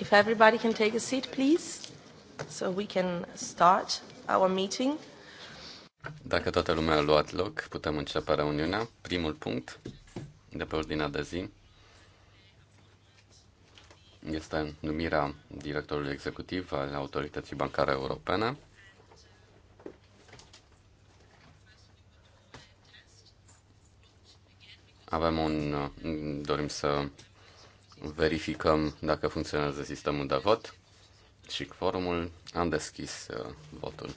If everybody can take a seat, please, so we can start our meeting. Dacă toată lumea a luat loc, putem începe reuniunea. Primul punct de pe ordinea de zi este numirea directorului executiv al Autorității Bancare Europene. Avem un... dorim să verificăm dacă funcționează sistemul de vot și quorumul. Am deschis uh, votul.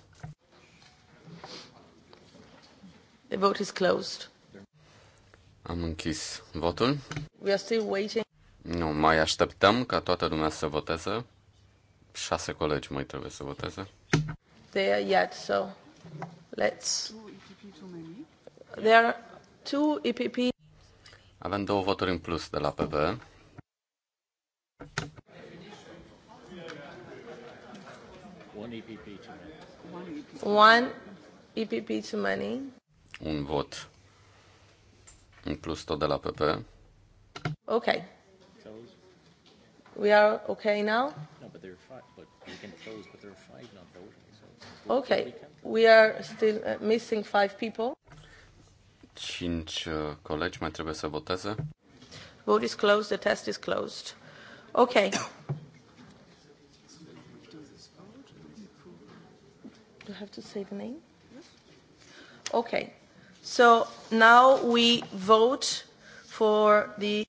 The vote is closed. Am închis votul. We are still waiting. Nu, mai așteptăm ca toată lumea să voteze. Șase colegi mai trebuie să voteze. They are yet, so let's... There are two EPP. Avem două voturi în plus de la PP. One EPP to money. One EPP to money. Un vot. În plus tot de la PP. Ok. We are okay now? No, but there are five, but we can close, but there are five not voting. So okay, we are still uh, missing five people. Cinci uh, colegi mai trebuie să voteze. Vote is closed, the test is closed. Okay. Do I have to say the name? Okay. So now we vote for the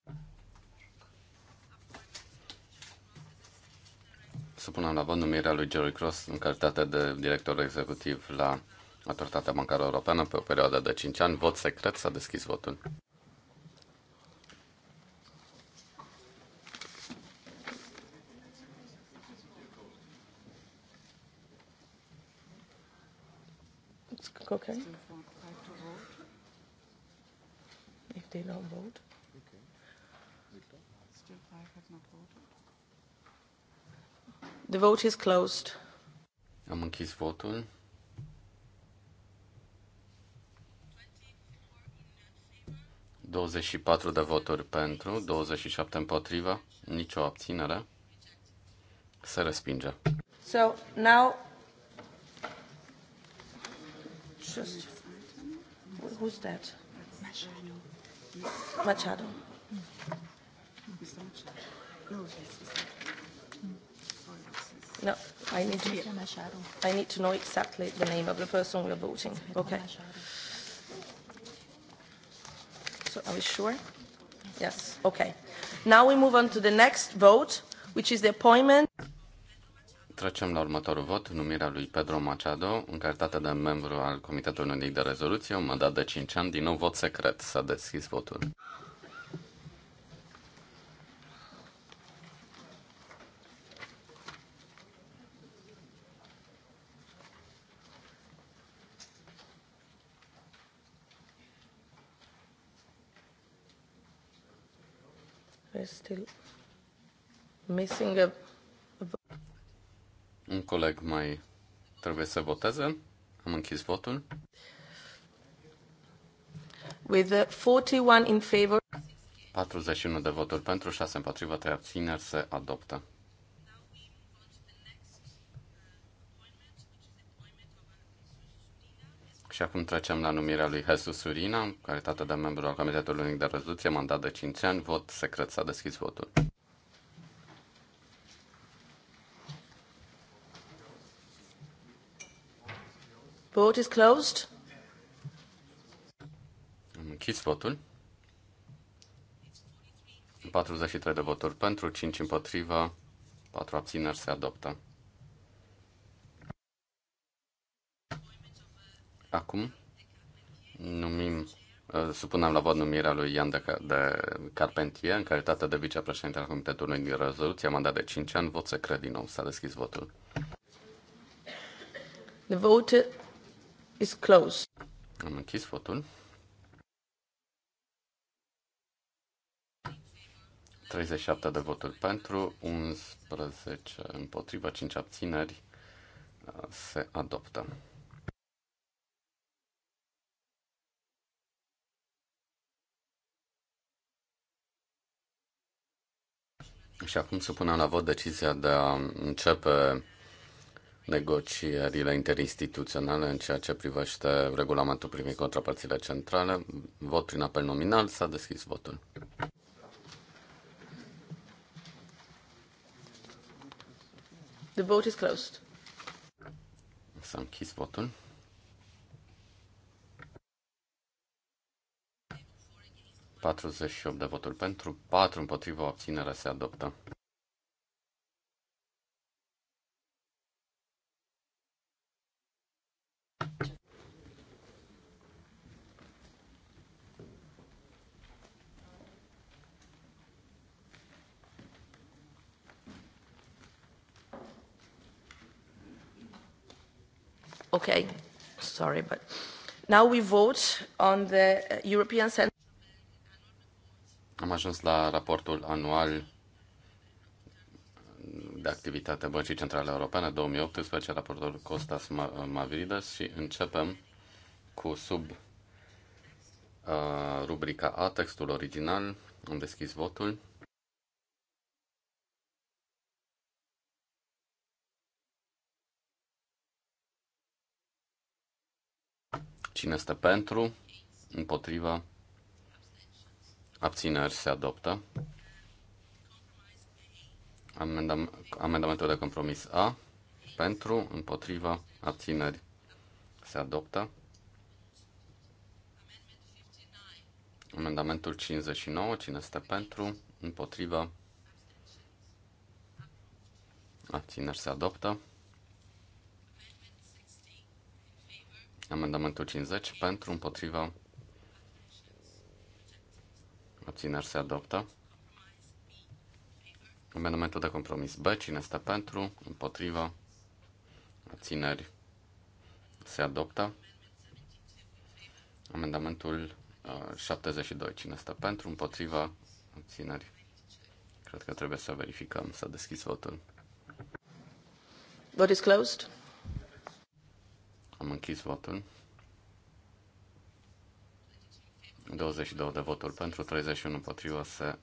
Să punem la vot numirea lui Jerry Cross în calitate de director executiv la Autoritatea Bancară Europeană pe o perioadă de 5 ani. Vot secret, s-a deschis votul. Okay. If they don't vote. The vote is closed. Am închis votul. Douăzeci și patru de voturi pentru, 27 împotriva, nicio abținere. Se respinge. So now just who's that? Machado. Machado. No, I need to. I need to know exactly the name of the person we are voting. Okay. So are we sure? Yes. Okay. Now we move on to the next vote, which is the appointment. Trecem la următorul vot, numirea lui Pedro Machado, în calitate de membru al Comitetului Unic de Rezoluție, un mandat de 5 ani, din nou vot secret. S-a deschis votul. still missing a un coleg mai trebuie să voteze. Am închis votul. With 41 uh, in favor. 41 de voturi pentru, 6 împotriva, 3 abțineri se adoptă. Și acum trecem la numirea lui Jesus Surina, în calitate de membru al Comitetului Unic de Rezoluție, mandat de 5 ani, vot secret, s-a deschis votul. Vote is closed. Am închis votul. 43 de voturi pentru, 5 împotriva, 4 abțineri se adoptă. Acum numim, uh, supunem la vot numirea lui Ian de, de Carpentier în calitate de vicepreședinte al Comitetului din Rezoluție, mandat de 5 ani, vot secret din nou, s-a deschis votul. The vote is closed. Am închis votul. 37 de voturi pentru, 11 împotriva, 5 abțineri uh, se adoptă. Și acum supunem la vot decizia de a începe negocierile interinstituționale în ceea ce privește regulamentul privind contrapărțile centrale. Vot prin apel nominal, s-a deschis votul. The vote is closed. S-a închis votul. opt de voturi pentru, 4 împotriva, obținerea se adoptă. Now we vote on the European Am ajuns la raportul anual de activitate Băncii Centrale Europene 2018, raportul Costas Mavridas și începem cu sub uh, rubrica A, textul original. Am deschis votul. Cine este pentru? Împotriva? Abțineri se adoptă. Amendam, amendamentul de compromis A. Pentru, împotriva, abțineri se adoptă. Amendamentul 59. Cine este pentru? Împotriva? Abțineri se adoptă. Amendamentul 50 pentru, împotriva, obțineri se adoptă. Amendamentul de compromis B, cine este pentru, împotriva, obțineri se adoptă. Amendamentul 72, uh, cine este pentru, împotriva, obțineri. Cred că trebuie să verificăm, să deschis votul. Vote is closed. Am închis votul. 22 de voturi pentru, 31 împotriva se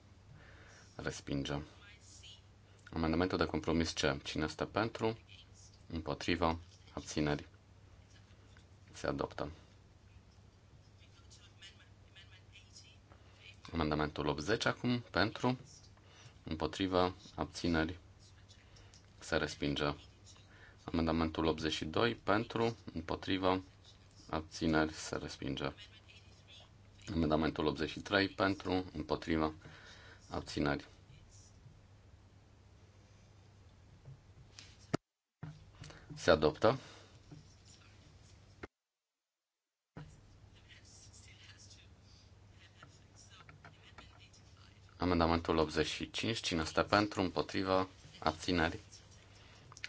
respinge. Amendamentul de compromis C. Cine este pentru? Împotriva? Abțineri? Se adoptă. Amendamentul 80 acum pentru, împotriva, abțineri, se respinge. Amendamentul 82 pentru, împotrivă, abțineri se respinge. Amendamentul 83 pentru, împotrivă, abțineri. Se adoptă. Amendamentul 85, cine stă pentru, împotriva, abțineri,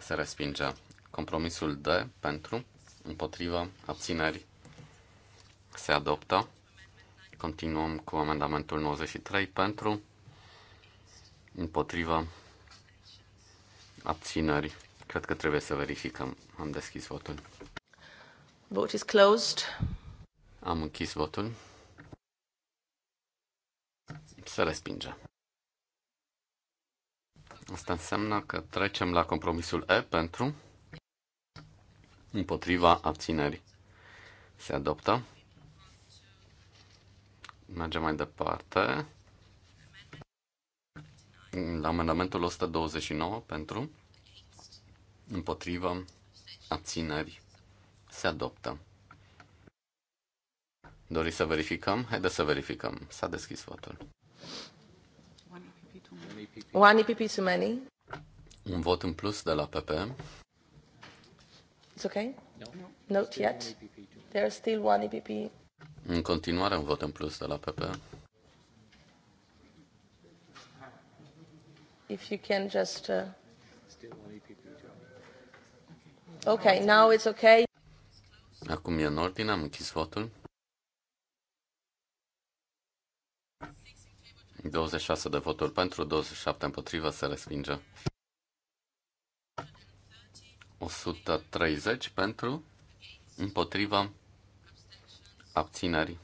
se respinge. Compromisul D pentru, împotriva, abțineri se adoptă. Continuăm cu amendamentul 93 pentru, împotriva, abțineri. Cred că trebuie să verificăm. Am deschis votul. Vote is closed. Am închis votul. Se respinge. Asta înseamnă că trecem la compromisul E pentru împotriva abținerii. Se adoptă. Mergem mai departe. La amendamentul 129 pentru împotriva abținerii. Se adoptă. Doriți să verificăm? Haideți să verificăm. S-a deschis votul. One EPP too many. Un vot în plus de la PP. It's okay? No. Not yet. There is still one EPP. În continuare un vot în plus de la PP. If you can just... Uh... Okay, now it's okay. Acum e în ordine, am închis votul. 26 de voturi pentru, 27 împotrivă, se respinge. 130 pentru, împotriva, abținerii,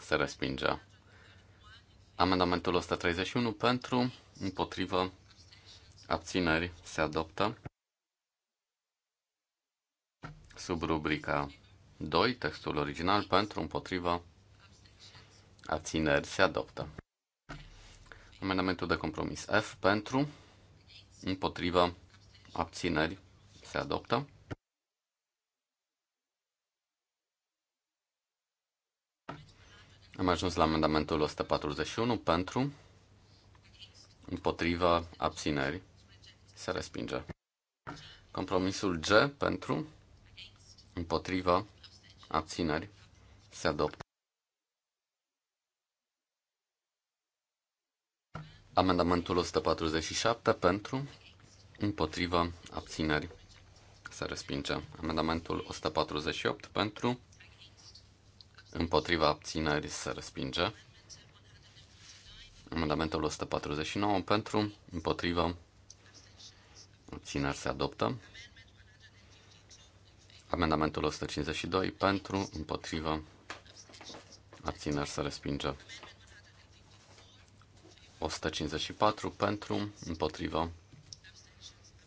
se respinge. Amendamentul 131 pentru, împotriva abțineri, se adoptă. Sub rubrica 2, textul original pentru, împotriva abțineri, se adoptă. Amendamentul de compromis F pentru, împotriva abțineri, se adoptă. Am ajuns la amendamentul 141 pentru, împotriva, abțineri, se respinge. Compromisul G pentru, împotriva, abțineri, se adoptă. Amendamentul 147 pentru, împotriva, abțineri, se respinge. Amendamentul 148 pentru, împotriva abținerii se respinge. Amendamentul 149 pentru, împotriva abțineri se adoptă. Amendamentul 152 pentru, împotriva abțineri se respinge. 154 pentru, împotriva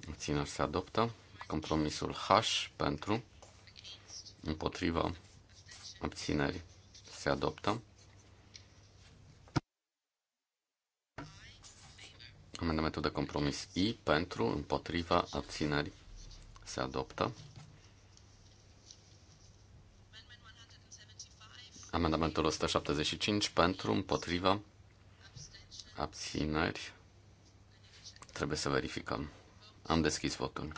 abțineri se adoptă. Compromisul H pentru, împotriva, abțineri se adoptă. Amendamentul de compromis I pentru, împotriva, abțineri se adoptă. Amendamentul 175 pentru, împotriva, abțineri. Trebuie să verificăm. Am deschis votul.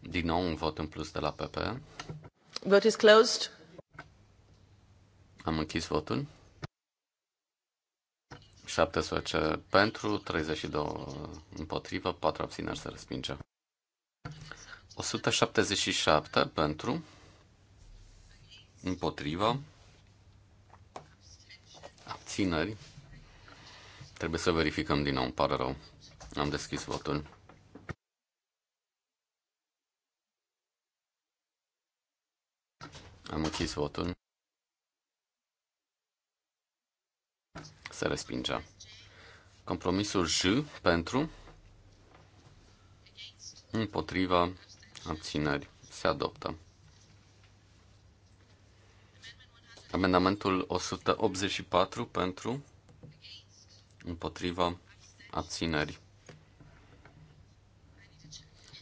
Din nou un vot în plus de la PP. Vote is closed. Am închis votul. 17 pentru, 32 împotrivă, 4 abțineri se respinge. 177 pentru, împotrivă, abțineri. Trebuie să verificăm din nou, îmi pare rău. Am deschis votul. Am închis votul. Se respinge. Compromisul J pentru împotriva abțineri se adoptă. Amendamentul 184 pentru împotriva abțineri.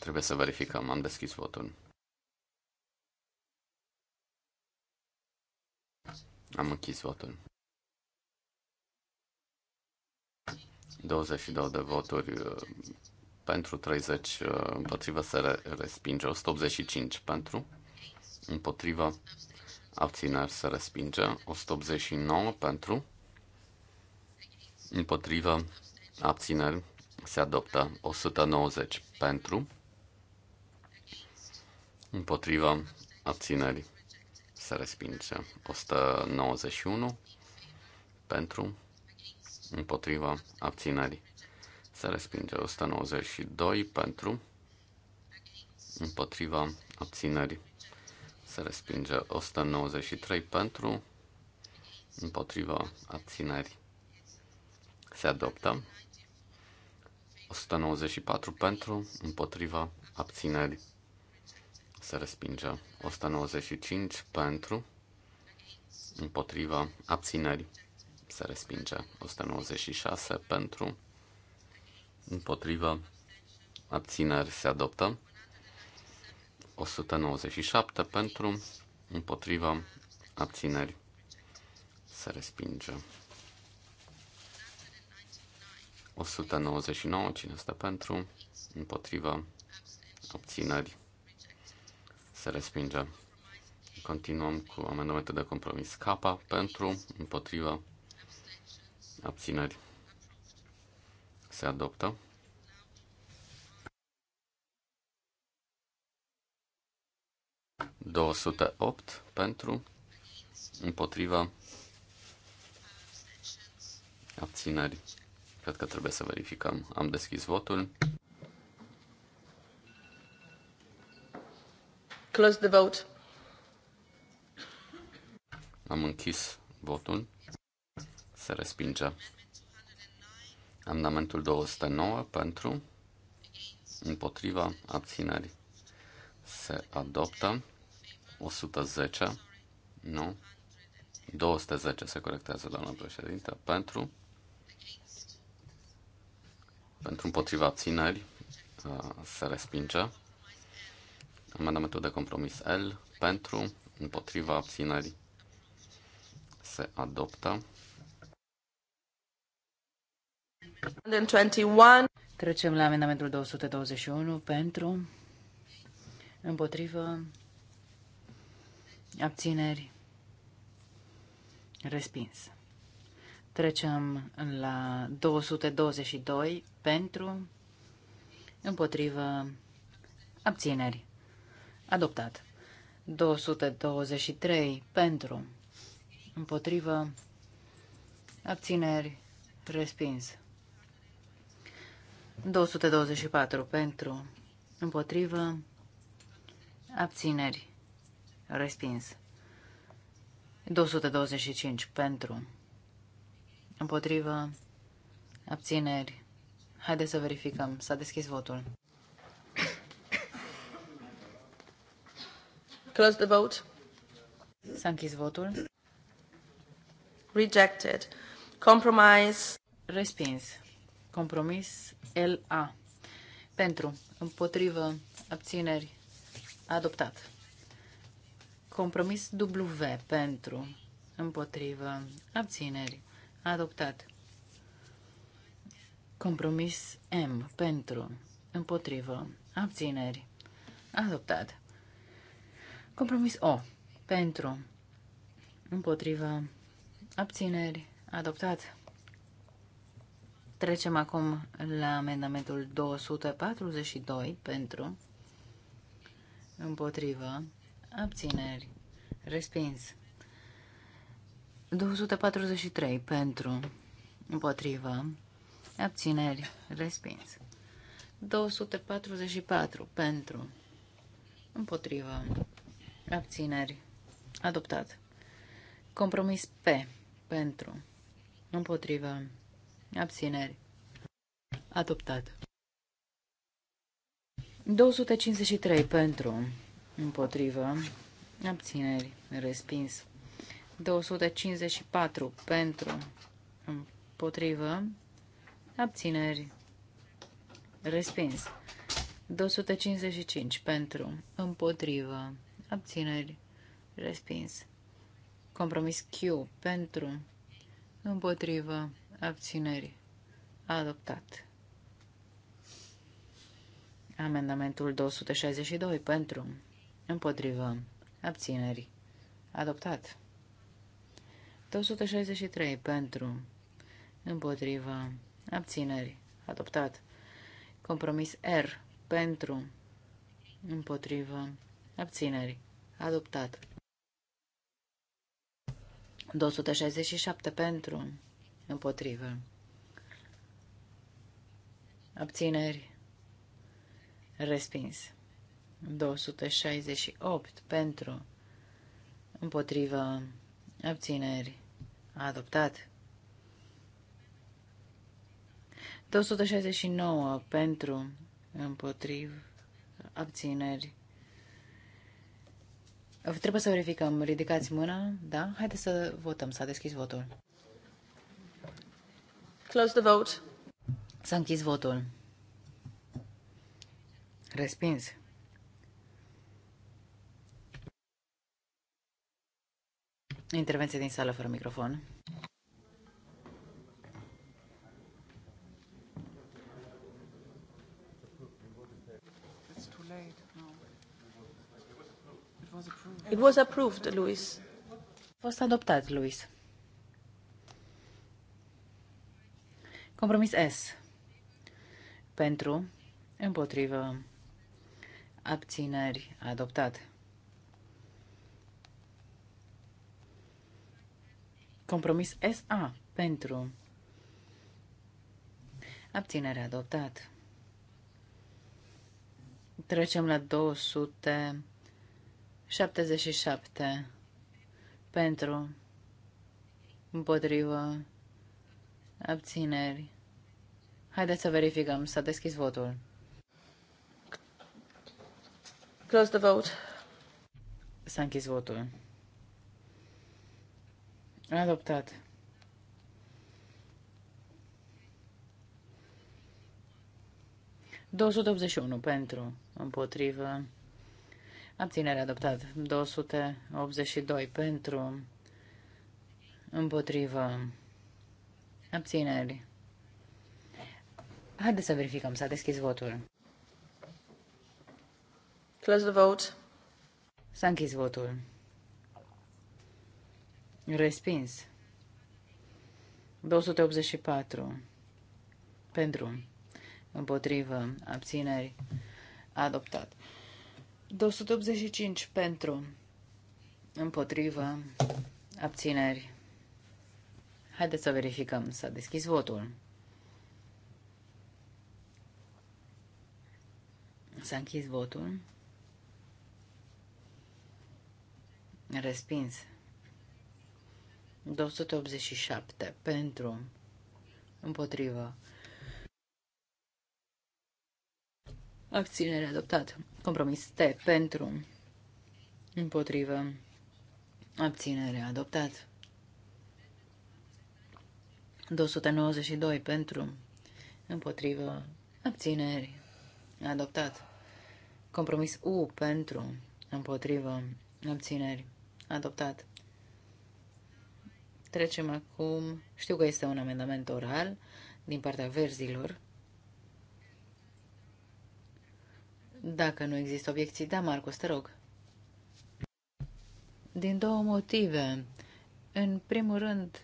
Trebuie să verificăm. Am deschis votul. Am închis votul. 22 de voturi uh, pentru 30 uh, împotriva se respinge, 185 pentru împotriva abțineri se respinge, 189 pentru împotriva abțineri se adoptă, 190 pentru împotriva abțineri se respinge. 191 pentru, împotriva abținerii se respinge. 192 pentru, împotriva abținerii se respinge. 193 pentru, împotriva abținerii se adoptă. 194 pentru, împotriva abținerii se respinge. 195 pentru, împotriva, abțineri, se respinge. 196 pentru, împotriva, abțineri, se adoptă. 197 pentru, împotriva, abțineri, se respinge. 199, cine este pentru, împotriva, abțineri, se respinge. Continuăm cu amendamente de compromis K pentru, împotriva, abțineri. Se adoptă. opt pentru, împotriva, abțineri. Cred că trebuie să verificăm. Am deschis votul. Close the vote. Am închis votul. Se respinge. Amendamentul 209 pentru, împotriva, abținerii. Se adoptă. 110, nu, 210 se corectează, doamna președinte, pentru, pentru împotriva abținerii, uh, se respinge. Amendamentul de compromis L pentru, împotriva abținerii se adoptă. 121. Trecem la amendamentul 221 pentru, împotriva abțineri, respins. Trecem la 222 pentru, împotriva abțineri. Adoptat. 223 pentru. Împotrivă. Abțineri. Respins. 224 pentru. Împotrivă. Abțineri. Respins. 225 pentru. Împotrivă. Abțineri. Haideți să verificăm. S-a deschis votul. Close the vote. S-a închis votul. Rejected. Compromise. Respins. Compromis LA. Pentru, împotrivă, abțineri, adoptat. Compromis W. Pentru, împotrivă, abțineri, adoptat. Compromis M. Pentru, împotrivă, abțineri, adoptat. Compromis O. Pentru. Împotriva. Abțineri. Adoptat. Trecem acum la amendamentul 242 pentru împotrivă abțineri respins 243 pentru împotrivă abțineri respins 244 pentru împotrivă Abțineri. Adoptat. Compromis P. Pentru. Împotrivă. Abțineri. Adoptat. 253 pentru. Împotrivă. Abțineri. Respins. 254 pentru. Împotrivă. Abțineri. Respins. 255 pentru. Împotrivă abțineri, respins. Compromis Q pentru, împotrivă, abțineri, adoptat. Amendamentul 262 pentru, împotrivă, abțineri, adoptat. 263 pentru, împotrivă, abțineri, adoptat. Compromis R pentru, împotrivă, Abțineri. Adoptat. 267 pentru. Împotrivă. Abțineri. Respins. 268 pentru. Împotrivă. Abțineri. Adoptat. 269 pentru. Împotrivă. Abțineri Trebuie să verificăm. Ridicați mâna, da? Haideți să votăm. S-a deschis votul. Close the vote. S-a închis votul. Respins. Intervenție din sală fără microfon. It was approved, Luis. A fost adoptat, Luis. Compromis S. Pentru, împotrivă, abțineri, adoptat. Compromis SA. Pentru, abținere, adoptat. Trecem la 200. 77 pentru, împotrivă, abțineri. Haideți să verificăm, s-a deschis votul. Close the vote. S-a închis votul. Adoptat. unu pentru, împotrivă, Abținere adoptat. 282 pentru. Împotrivă. Abțineri. Haideți să verificăm. S-a deschis votul. Close the vote. S-a închis votul. Respins. 284. Pentru. Împotrivă. Abțineri. Adoptat. 285 pentru, împotrivă, abțineri. Haideți să verificăm, s-a deschis votul. S-a închis votul. Respins. 287 pentru, împotrivă, Abținere adoptat. Compromis T pentru. Împotrivă. Abținere adoptat. 292 pentru. Împotrivă. Abțineri. Adoptat. Compromis U pentru. Împotrivă. Abțineri. Adoptat. Trecem acum. Știu că este un amendament oral din partea verzilor. Dacă nu există obiecții, da, Marcus, te rog. Din două motive. În primul rând,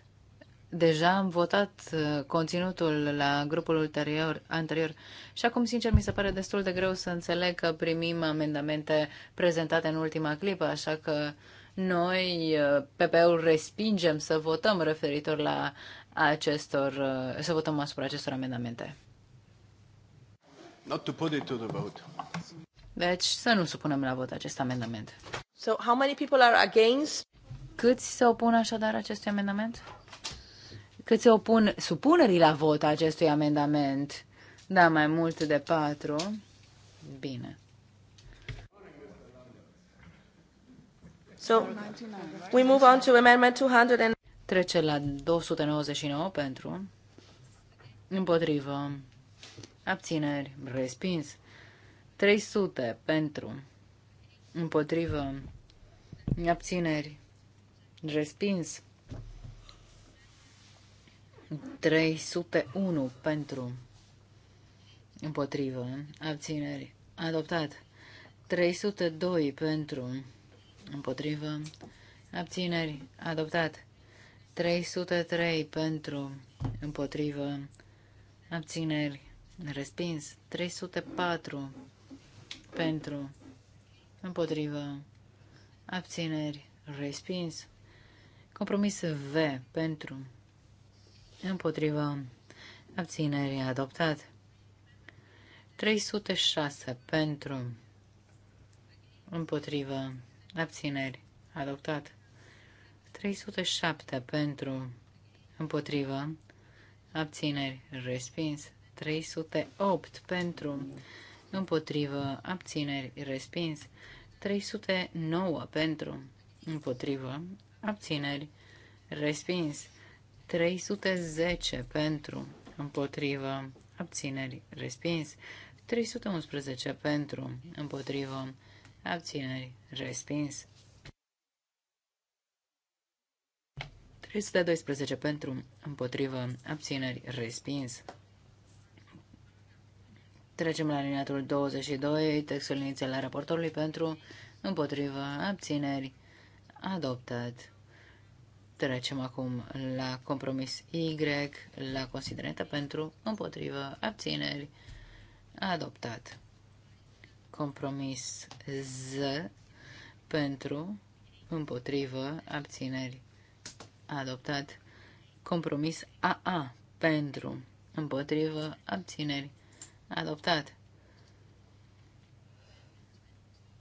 deja am votat uh, conținutul la grupul ulterior, anterior și acum, sincer, mi se pare destul de greu să înțeleg că primim amendamente prezentate în ultima clipă, așa că noi, uh, PP-ul, respingem să votăm referitor la acestor, uh, să votăm asupra acestor amendamente. Not to put it to the vote. Deci să nu supunem la vot acest amendament. So how many people are against? Câți se opun așadar acestui amendament? Câți se opun supunerii la vot acestui amendament? Da, mai mult de patru. Bine. So, we move on to amendment 200 and... Trece la 299 pentru, împotrivă, abțineri, respins. 300 pentru, împotrivă, abțineri, respins. 301 pentru, împotrivă, abțineri, adoptat. 302 pentru, împotrivă, abțineri, adoptat. 303 pentru, împotrivă, abțineri, Respins. 304 pentru. Împotrivă. Abțineri. Respins. Compromis V pentru. Împotrivă. Abțineri. Adoptat. 306 pentru. Împotrivă. Abțineri. Adoptat. 307 pentru. Împotrivă. Abțineri. Respins. 308 pentru, împotrivă, abțineri, respins. 309 pentru, împotrivă, abțineri, respins. 310 pentru, împotrivă, abțineri, respins. 311 pentru, împotrivă, abțineri, respins. 312 pentru, împotrivă, abțineri, respins. Trecem la liniatul 22, textul inițial al raportorului pentru împotriva abțineri adoptat. Trecem acum la compromis Y, la considerentă pentru împotriva abțineri adoptat. Compromis Z pentru împotrivă abțineri adoptat. Compromis AA pentru împotrivă abțineri Adoptat.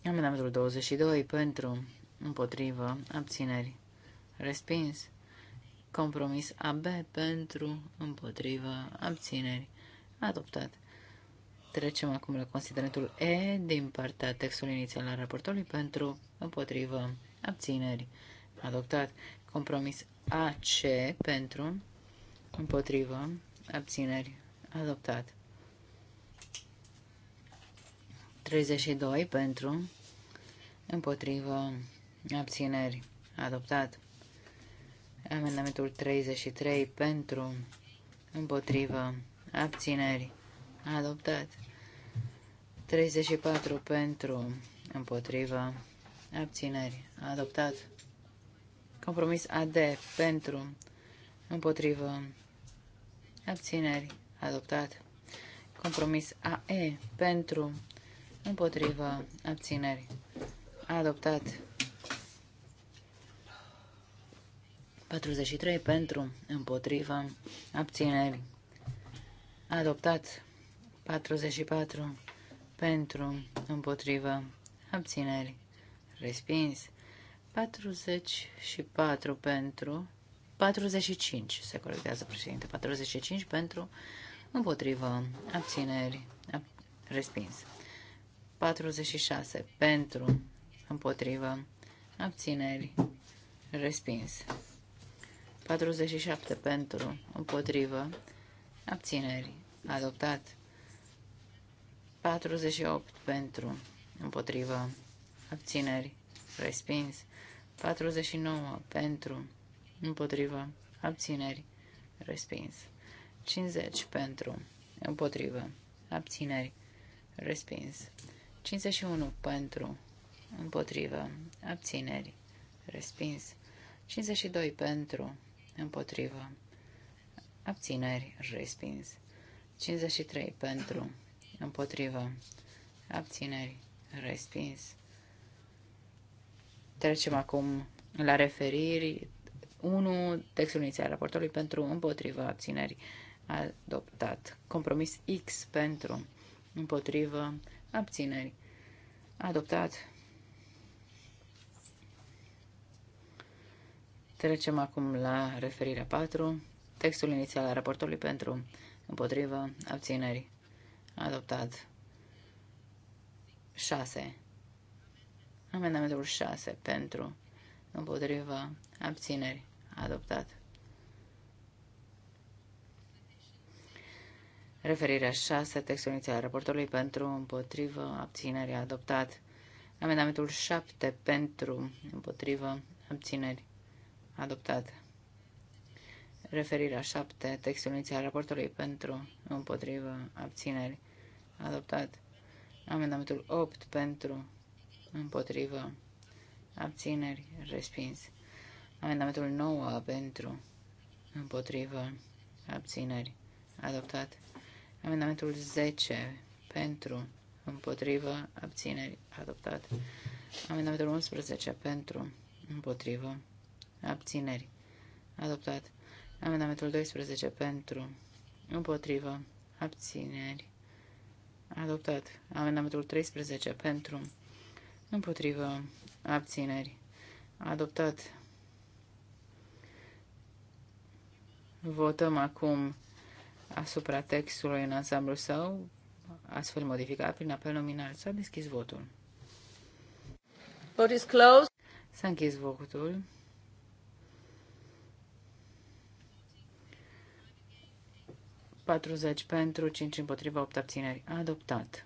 Amendamentul 22 pentru, împotrivă, abțineri. Respins. Compromis AB pentru, împotrivă, abțineri. Adoptat. Trecem acum la considerentul E din partea textului inițial al raportului pentru, împotrivă, abțineri. Adoptat. Compromis AC pentru, împotrivă, abțineri. Adoptat. 32 pentru, împotrivă, abțineri, adoptat. Amendamentul 33 pentru, împotrivă, abțineri, adoptat. 34 pentru, împotrivă, abțineri, adoptat. Compromis AD pentru, împotrivă, abțineri, adoptat. Compromis AE pentru împotriva abțineri. Adoptat. 43 pentru împotriva abțineri. Adoptat. 44 pentru împotriva abțineri. Respins. 44 pentru 45 se corectează președinte. 45 pentru împotrivă, abțineri, ab respins. 46 pentru, împotrivă, abțineri, respins. 47 pentru, împotrivă, abțineri, adoptat. 48 pentru, împotrivă, abțineri, respins. 49 pentru, împotrivă, abțineri, respins. 50 pentru, împotrivă, abțineri, respins. 51 pentru, împotrivă, abțineri, respins. 52 pentru, împotrivă, abțineri, respins. 53 pentru, împotrivă, abțineri, respins. Trecem acum la referiri. 1. Textul inițial al raportului pentru împotrivă abțineri adoptat. Compromis X pentru, împotrivă, abțineri, adoptat. Trecem acum la referirea 4, textul inițial al raportului pentru, împotrivă, abțineri, adoptat. 6. Amendamentul 6 pentru, împotrivă, abțineri, adoptat. Referirea 6, textul inițial al raportului pentru, împotrivă, abținerii adoptat. Amendamentul 7 pentru, împotrivă, abțineri, adoptat. Referirea 7, textul inițial al raportului pentru, împotrivă, abțineri, adoptat. Amendamentul 8 pentru, împotrivă, abțineri, respins. Amendamentul 9 pentru, împotrivă, abțineri, adoptat. Amendamentul 10 pentru, împotrivă, abțineri, adoptat. Amendamentul 11 pentru, împotrivă, abțineri, adoptat. Amendamentul 12 pentru, împotrivă, abțineri, adoptat. Amendamentul 13 pentru, împotrivă, abțineri, adoptat. Votăm acum asupra textului în ansamblu său, astfel modificat prin apel nominal. S-a deschis votul. Vote is closed. S-a închis votul. Patruzeci pentru, cinci împotriva, opt abțineri. Adoptat.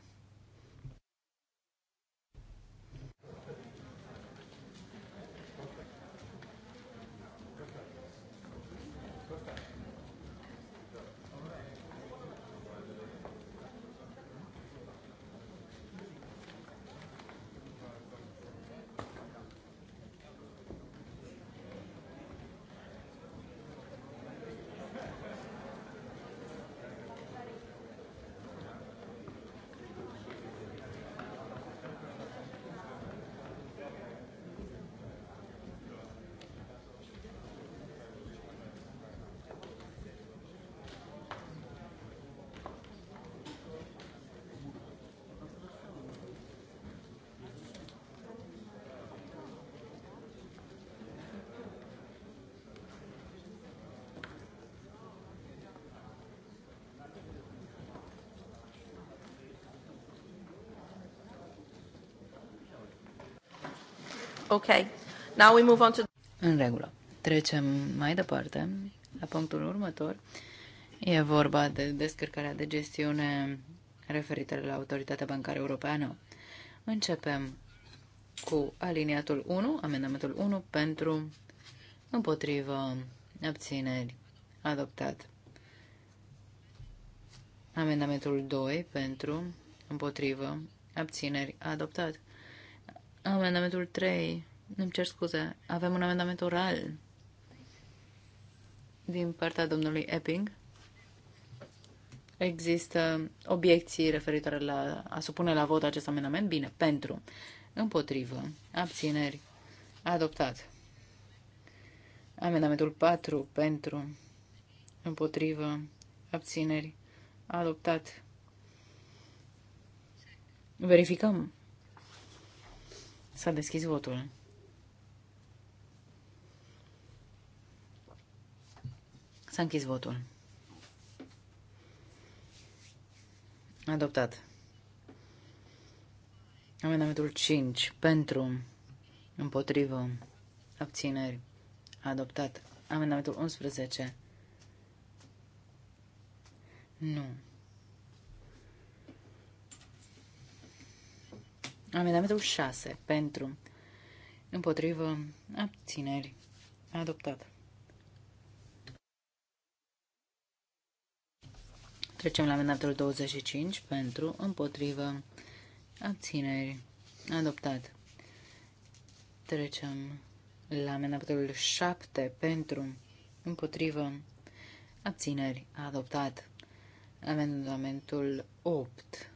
Ok. Now we move on to... În regulă. Trecem mai departe la punctul următor. E vorba de descărcarea de gestiune referită la Autoritatea Bancară Europeană. Începem cu aliniatul 1, amendamentul 1 pentru împotrivă abțineri adoptat. Amendamentul 2 pentru împotrivă abțineri adoptat. Amendamentul 3. mi cer scuze. Avem un amendament oral din partea domnului Epping. Există obiecții referitoare la a supune la vot acest amendament? Bine, pentru, împotrivă, abțineri, adoptat. Amendamentul 4, pentru, împotrivă, abțineri, adoptat. Verificăm S-a deschis votul. S-a închis votul. Adoptat. Amendamentul 5. Pentru. Împotrivă. Abțineri. Adoptat. Amendamentul 11. Nu. Amendamentul 6. Pentru. Împotrivă. Abțineri. Adoptat. Trecem la amendamentul 25. Pentru. Împotrivă. Abțineri. Adoptat. Trecem la amendamentul 7. Pentru. Împotrivă. Abțineri. Adoptat. Amendamentul 8.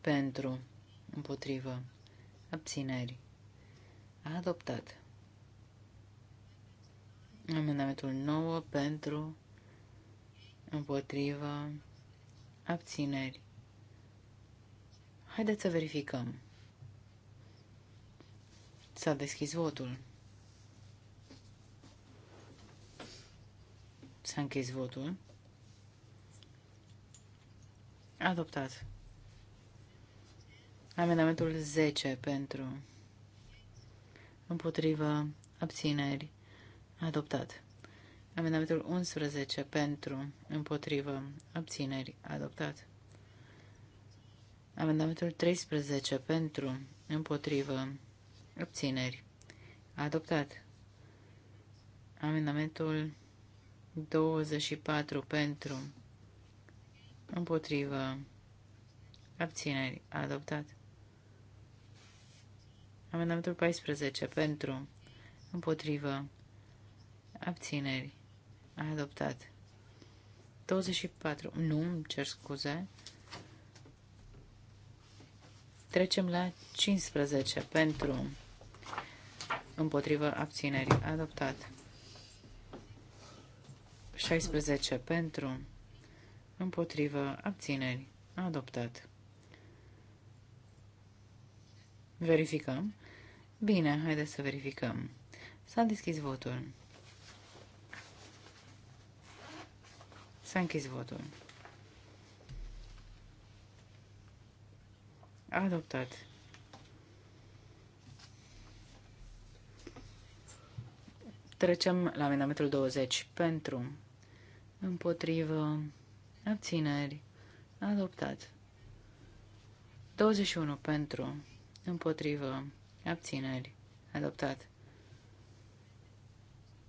Pentru împotrivă, abțineri, adoptat. Amendamentul 9 pentru, împotrivă, abțineri. Haideți să verificăm. S-a deschis votul. S-a închis votul. Adoptat. Amendamentul 10 pentru împotrivă abțineri adoptat. Amendamentul 11 pentru împotrivă abțineri adoptat. Amendamentul 13 pentru împotrivă abțineri adoptat. Amendamentul 24 pentru împotrivă abțineri adoptat. Amendamentul 14. Pentru. Împotrivă. Abțineri. Adoptat. 24. Nu, îmi cer scuze. Trecem la 15. Pentru. Împotrivă. Abțineri. Adoptat. 16. Pentru. Împotrivă. Abțineri. Adoptat. Verificăm. Bine, haideți să verificăm. S-a deschis votul. S-a închis votul. Adoptat. Trecem la amendamentul 20. Pentru, împotrivă, abțineri, adoptat. 21 pentru, Împotrivă. Abțineri. Adoptat.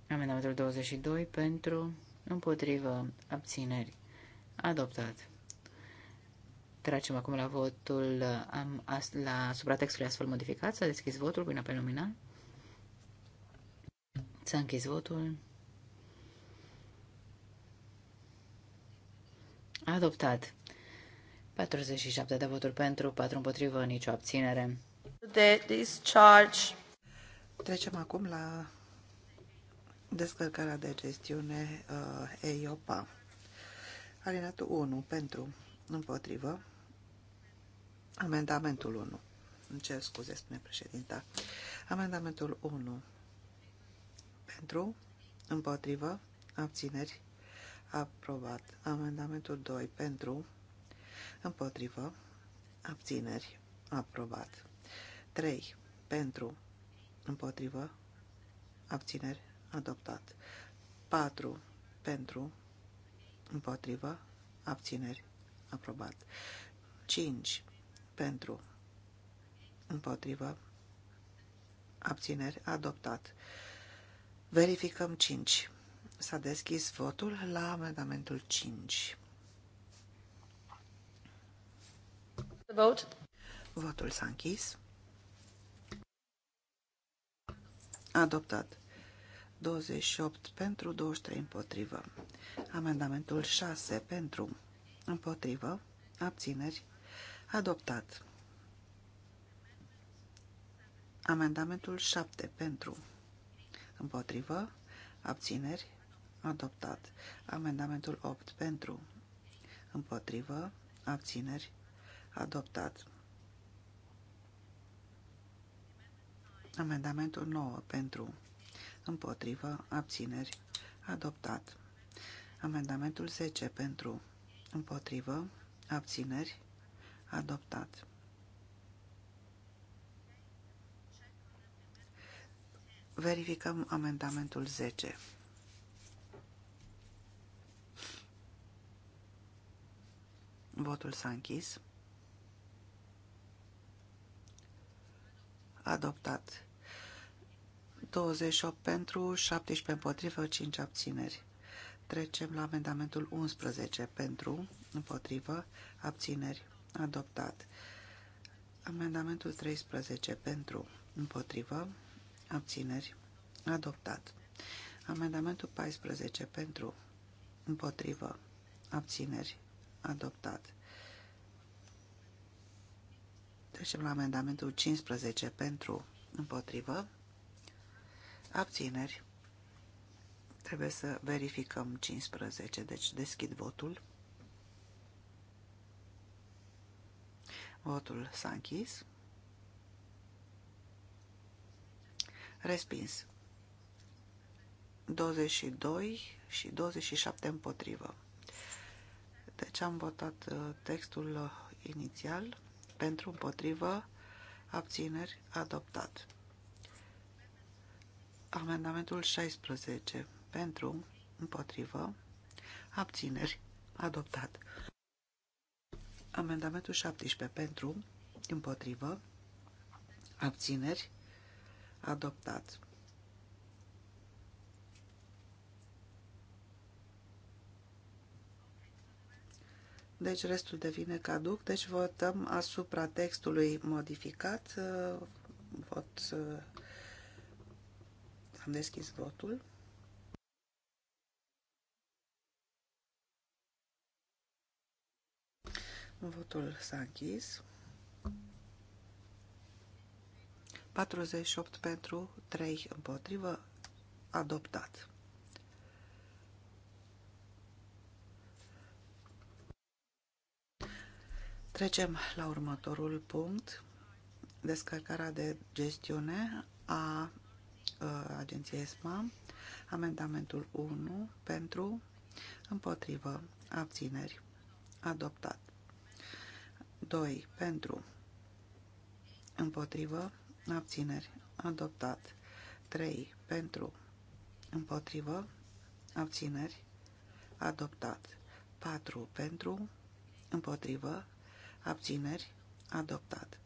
Amendamentul 22 pentru. Împotrivă. Abțineri. Adoptat. Tracem acum la votul am, as, la supratextului astfel modificat. S-a deschis votul prin apel nominal. S-a închis votul. Adoptat. 47 de voturi pentru, 4 împotrivă, nicio abținere. De discharge. Trecem acum la descărcarea de gestiune uh, EIOPA. Alinatul 1 pentru împotrivă. Amendamentul 1. Îmi cer scuze, spune președinta. Amendamentul 1 pentru împotrivă abțineri aprobat. Amendamentul 2 pentru împotrivă abțineri aprobat. 3 pentru, împotrivă, abțineri, adoptat. 4 pentru, împotrivă, abțineri, aprobat. 5 pentru, împotrivă, abțineri, adoptat. Verificăm 5. S-a deschis votul la amendamentul 5. The vote. Votul s-a închis. Adoptat. 28 pentru, 23 împotrivă. Amendamentul 6 pentru, împotrivă, abțineri, adoptat. Amendamentul 7 pentru, împotrivă, abțineri, adoptat. Amendamentul 8 pentru, împotrivă, abțineri, adoptat. Amendamentul 9 pentru împotrivă abțineri adoptat. Amendamentul 10 pentru împotrivă abțineri adoptat. Verificăm amendamentul 10. Votul s-a închis. adoptat. 28 pentru, 17 împotrivă, 5 abțineri. Trecem la amendamentul 11 pentru, împotrivă, abțineri, adoptat. Amendamentul 13 pentru, împotrivă, abțineri, adoptat. Amendamentul 14 pentru, împotrivă, abțineri, adoptat. Trecem la amendamentul 15 pentru împotrivă. Abțineri. Trebuie să verificăm 15, deci deschid votul. Votul s-a închis. Respins. 22 și 27 împotrivă. Deci am votat uh, textul uh, inițial pentru împotrivă abțineri adoptat. Amendamentul 16 pentru împotrivă abțineri adoptat. Amendamentul 17 pentru împotrivă abțineri adoptat. deci restul devine caduc, deci votăm asupra textului modificat, vot, uh, am deschis votul. Votul s-a închis. 48 pentru, 3 împotrivă, adoptat. Trecem la următorul punct, descărcarea de gestiune a agenției SMA, amendamentul 1 pentru, împotrivă, abțineri, adoptat. 2 pentru, împotrivă, abțineri, adoptat. 3 pentru, împotrivă, abțineri, adoptat. 4 pentru, împotrivă, abțineri, adoptat.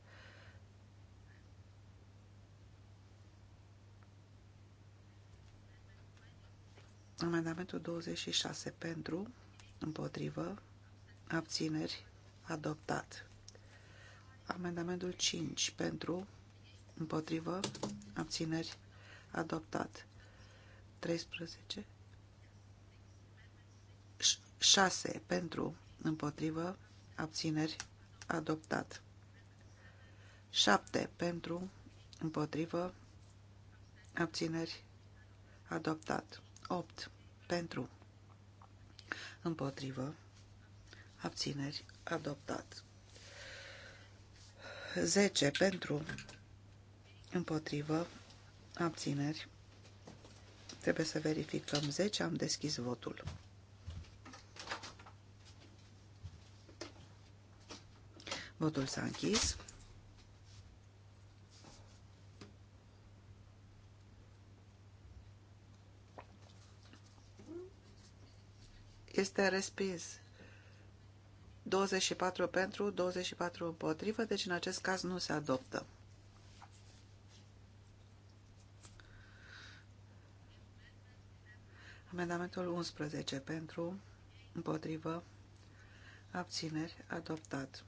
Amendamentul 26 pentru, împotrivă, abțineri, adoptat. Amendamentul 5 pentru, împotrivă, abțineri, adoptat. 13. 6 pentru, împotrivă, abțineri, adoptat. 7 pentru, împotrivă, abțineri, adoptat. 8 pentru, împotrivă, abțineri, adoptat. 10 pentru, împotrivă, abțineri. Trebuie să verificăm 10, am deschis votul. Votul s-a închis. Este respins. 24 pentru, 24 împotrivă, deci în acest caz nu se adoptă. Amendamentul 11 pentru, împotrivă, abțineri, adoptat.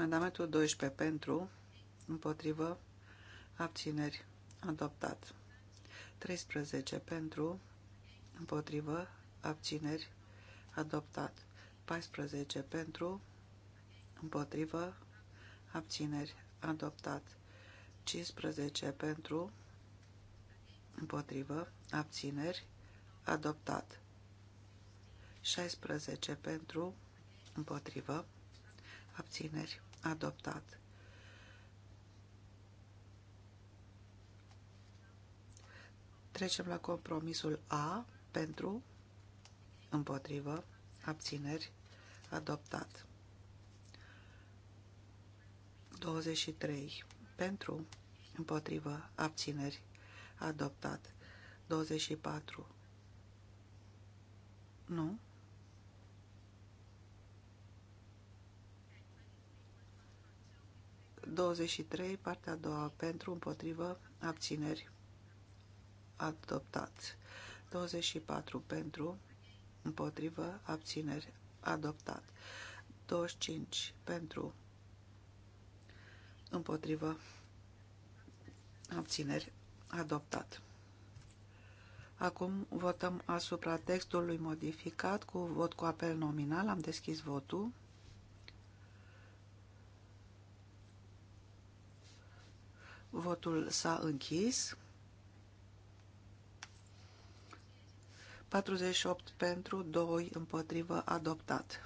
Amendamentul 12 pentru, împotrivă, abțineri, adoptat. 13 pentru, împotrivă, abțineri, adoptat. 14 pentru, împotrivă, abțineri, adoptat. 15 pentru, împotrivă, abțineri, adoptat. 16 pentru, împotrivă, abțineri, adoptat. Trecem la compromisul A pentru împotrivă abțineri adoptat. 23 pentru împotrivă abțineri adoptat. 24 nu 23, partea a doua, pentru, împotrivă, abțineri, adoptat. 24, pentru, împotrivă, abțineri, adoptat. 25, pentru, împotrivă, abțineri, adoptat. Acum votăm asupra textului modificat cu vot cu apel nominal. Am deschis votul. Votul s-a închis. 48 pentru, 2 împotrivă, adoptat.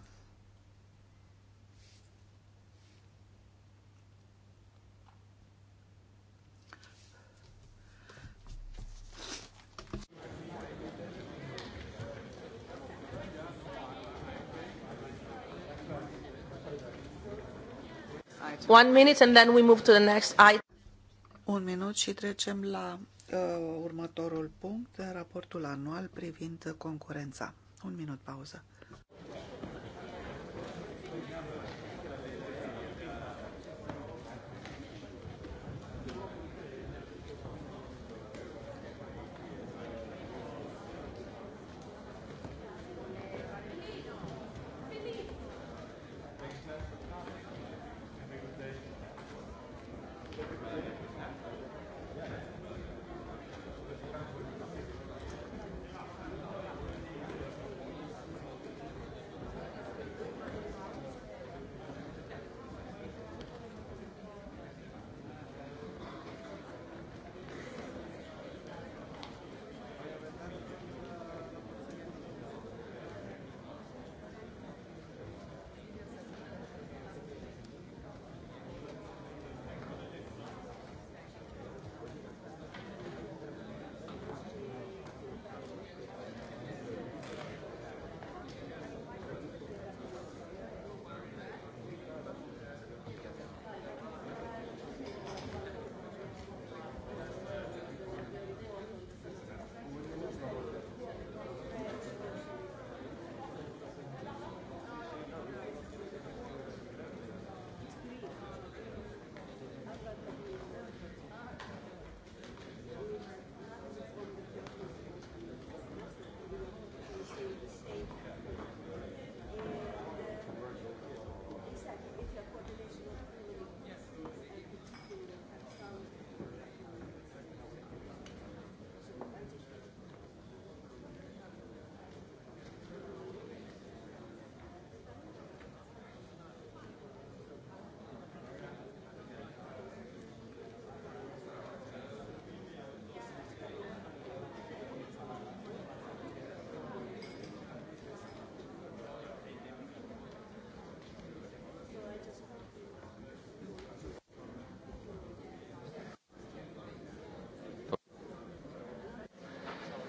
One minute and then we move to the next item. Un minut și trecem la uh, următorul punct, raportul anual privind concurența. Un minut pauză.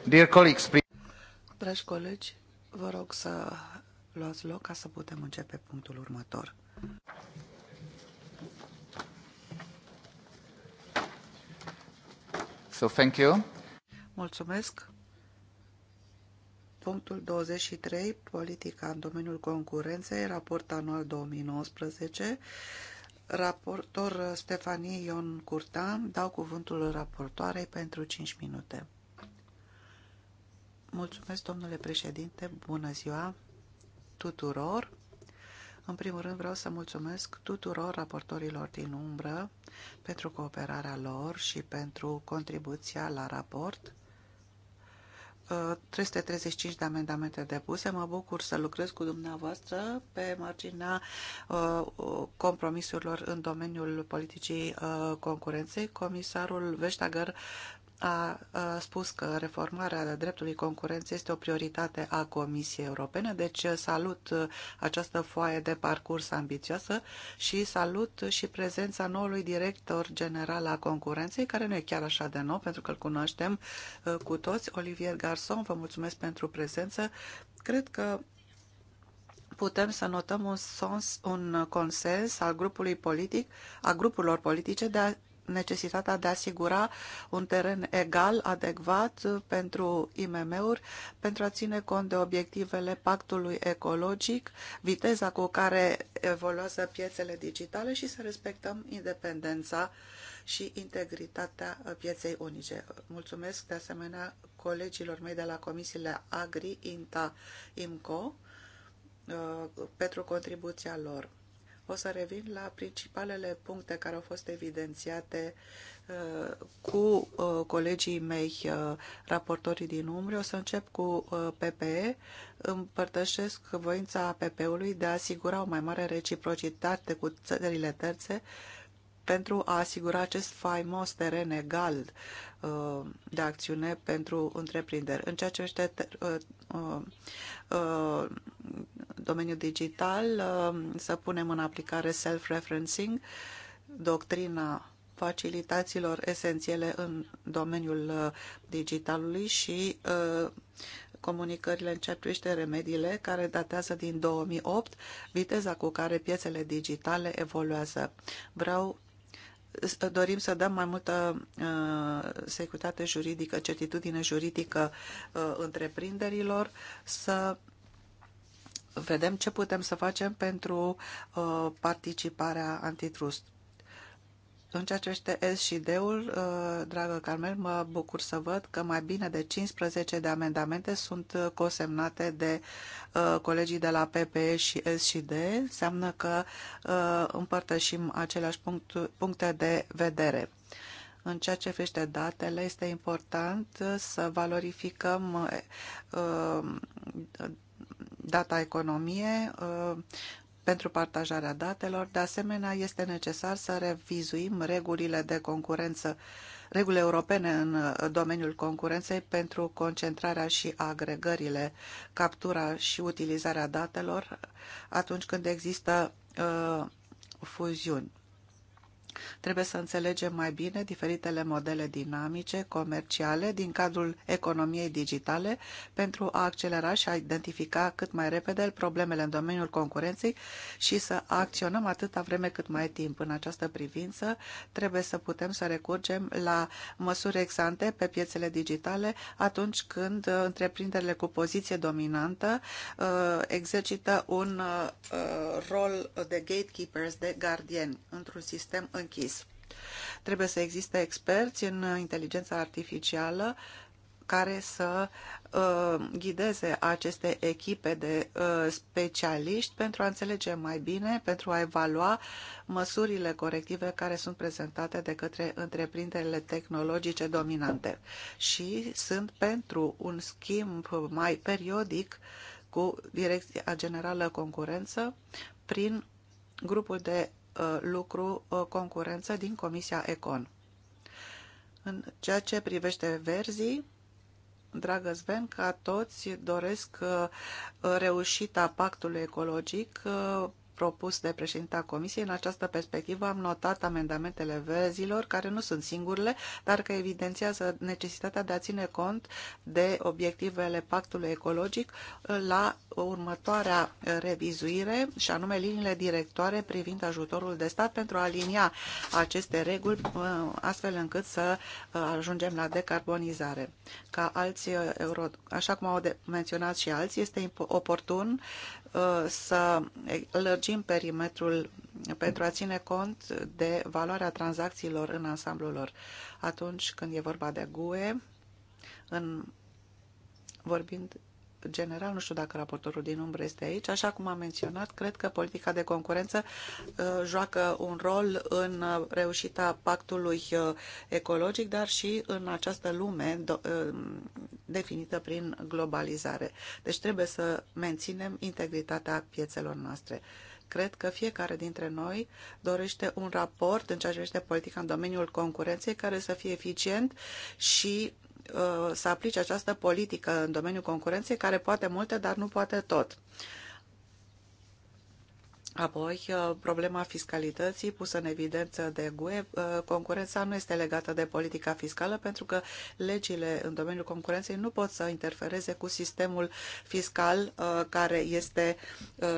Dear colleagues, please. Dragi colegi, vă rog să luați loc ca să putem începe punctul următor. So thank you. Mulțumesc. Punctul 23, politica în domeniul concurenței, raport anual 2019. Raportor Stefanie Ion Curtan, dau cuvântul raportoarei pentru 5 minute. Mulțumesc, domnule președinte. Bună ziua tuturor. În primul rând vreau să mulțumesc tuturor raportorilor din umbră pentru cooperarea lor și pentru contribuția la raport. 335 uh, de amendamente depuse. Mă bucur să lucrez cu dumneavoastră pe marginea uh, compromisurilor în domeniul politicii uh, concurenței. Comisarul Veștagăr a, a spus că reformarea dreptului concurenței este o prioritate a Comisiei Europene, deci uh, salut uh, această foaie de parcurs ambițioasă și salut și prezența noului director general a concurenței, care nu e chiar așa de nou, pentru că îl cunoaștem uh, cu toți, Olivier Garson. Vă mulțumesc pentru prezență. Cred că putem să notăm un, sens, un consens al grupului politic, a grupurilor politice de a necesitatea de a asigura un teren egal, adecvat uh, pentru IMM-uri, pentru a ține cont de obiectivele pactului ecologic, viteza cu care evoluează piețele digitale și să respectăm independența și integritatea uh, pieței unice. Mulțumesc de asemenea colegilor mei de la comisiile Agri, INTA, IMCO uh, pentru contribuția lor. O să revin la principalele puncte care au fost evidențiate uh, cu uh, colegii mei uh, raportorii din umbre. O să încep cu PPE. Împărtășesc voința ppe ului de a asigura o mai mare reciprocitate cu țările terțe pentru a asigura acest faimos teren egal uh, de acțiune pentru întreprinderi. În ceea ce este uh, uh, domeniul digital, să punem în aplicare self-referencing, doctrina facilităților esențiale în domeniul digitalului și comunicările în ceea ce remediile care datează din 2008, viteza cu care piețele digitale evoluează. Vreau dorim să dăm mai multă uh, securitate juridică, certitudine juridică uh, întreprinderilor, să vedem ce putem să facem pentru uh, participarea antitrust. În ceea ce este S și D-ul, uh, dragă Carmel, mă bucur să văd că mai bine de 15 de amendamente sunt cosemnate de uh, colegii de la PPE și S și D. Înseamnă că uh, împărtășim aceleași punct, puncte de vedere. În ceea ce fește datele, este important să valorificăm data economie, pentru partajarea datelor. De asemenea, este necesar să revizuim regulile de concurență, regulile europene în domeniul concurenței pentru concentrarea și agregările, captura și utilizarea datelor atunci când există uh, fuziuni. Trebuie să înțelegem mai bine diferitele modele dinamice, comerciale, din cadrul economiei digitale, pentru a accelera și a identifica cât mai repede problemele în domeniul concurenței și să acționăm atâta vreme cât mai timp. În această privință, trebuie să putem să recurgem la măsuri exante pe piețele digitale atunci când uh, întreprinderile cu poziție dominantă uh, exercită un uh, rol de gatekeepers, de gardieni, într-un sistem în închis. Trebuie să existe experți în inteligența artificială care să uh, ghideze aceste echipe de uh, specialiști pentru a înțelege mai bine, pentru a evalua măsurile corective care sunt prezentate de către întreprinderile tehnologice dominante. Și sunt pentru un schimb mai periodic cu Direcția Generală Concurență prin grupul de Uh, lucru uh, concurență din Comisia Econ. În ceea ce privește verzii, dragă Sven, ca toți doresc uh, reușita pactului ecologic propus de președinta Comisiei. În această perspectivă am notat amendamentele verzilor, care nu sunt singurile, dar că evidențiază necesitatea de a ține cont de obiectivele pactului ecologic la următoarea revizuire, și anume liniile directoare privind ajutorul de stat pentru a alinia aceste reguli uh, astfel încât să uh, ajungem la decarbonizare. Ca alți uh, așa cum au menționat și alții, este oportun Uh, să lărgim perimetrul pentru a ține cont de valoarea tranzacțiilor în ansamblul lor. Atunci când e vorba de GUE, în, vorbind general, nu știu dacă raportorul din umbră este aici, așa cum am menționat, cred că politica de concurență uh, joacă un rol în uh, reușita pactului uh, ecologic, dar și în această lume definită prin globalizare. Deci trebuie să menținem integritatea piețelor noastre cred că fiecare dintre noi dorește un raport în ceea ce privește politica în domeniul concurenței care să fie eficient și Uh, să aplice această politică în domeniul concurenței, care poate multe, dar nu poate tot. Apoi, uh, problema fiscalității pusă în evidență de GUE, uh, concurența nu este legată de politica fiscală pentru că legile în domeniul concurenței nu pot să interfereze cu sistemul fiscal care este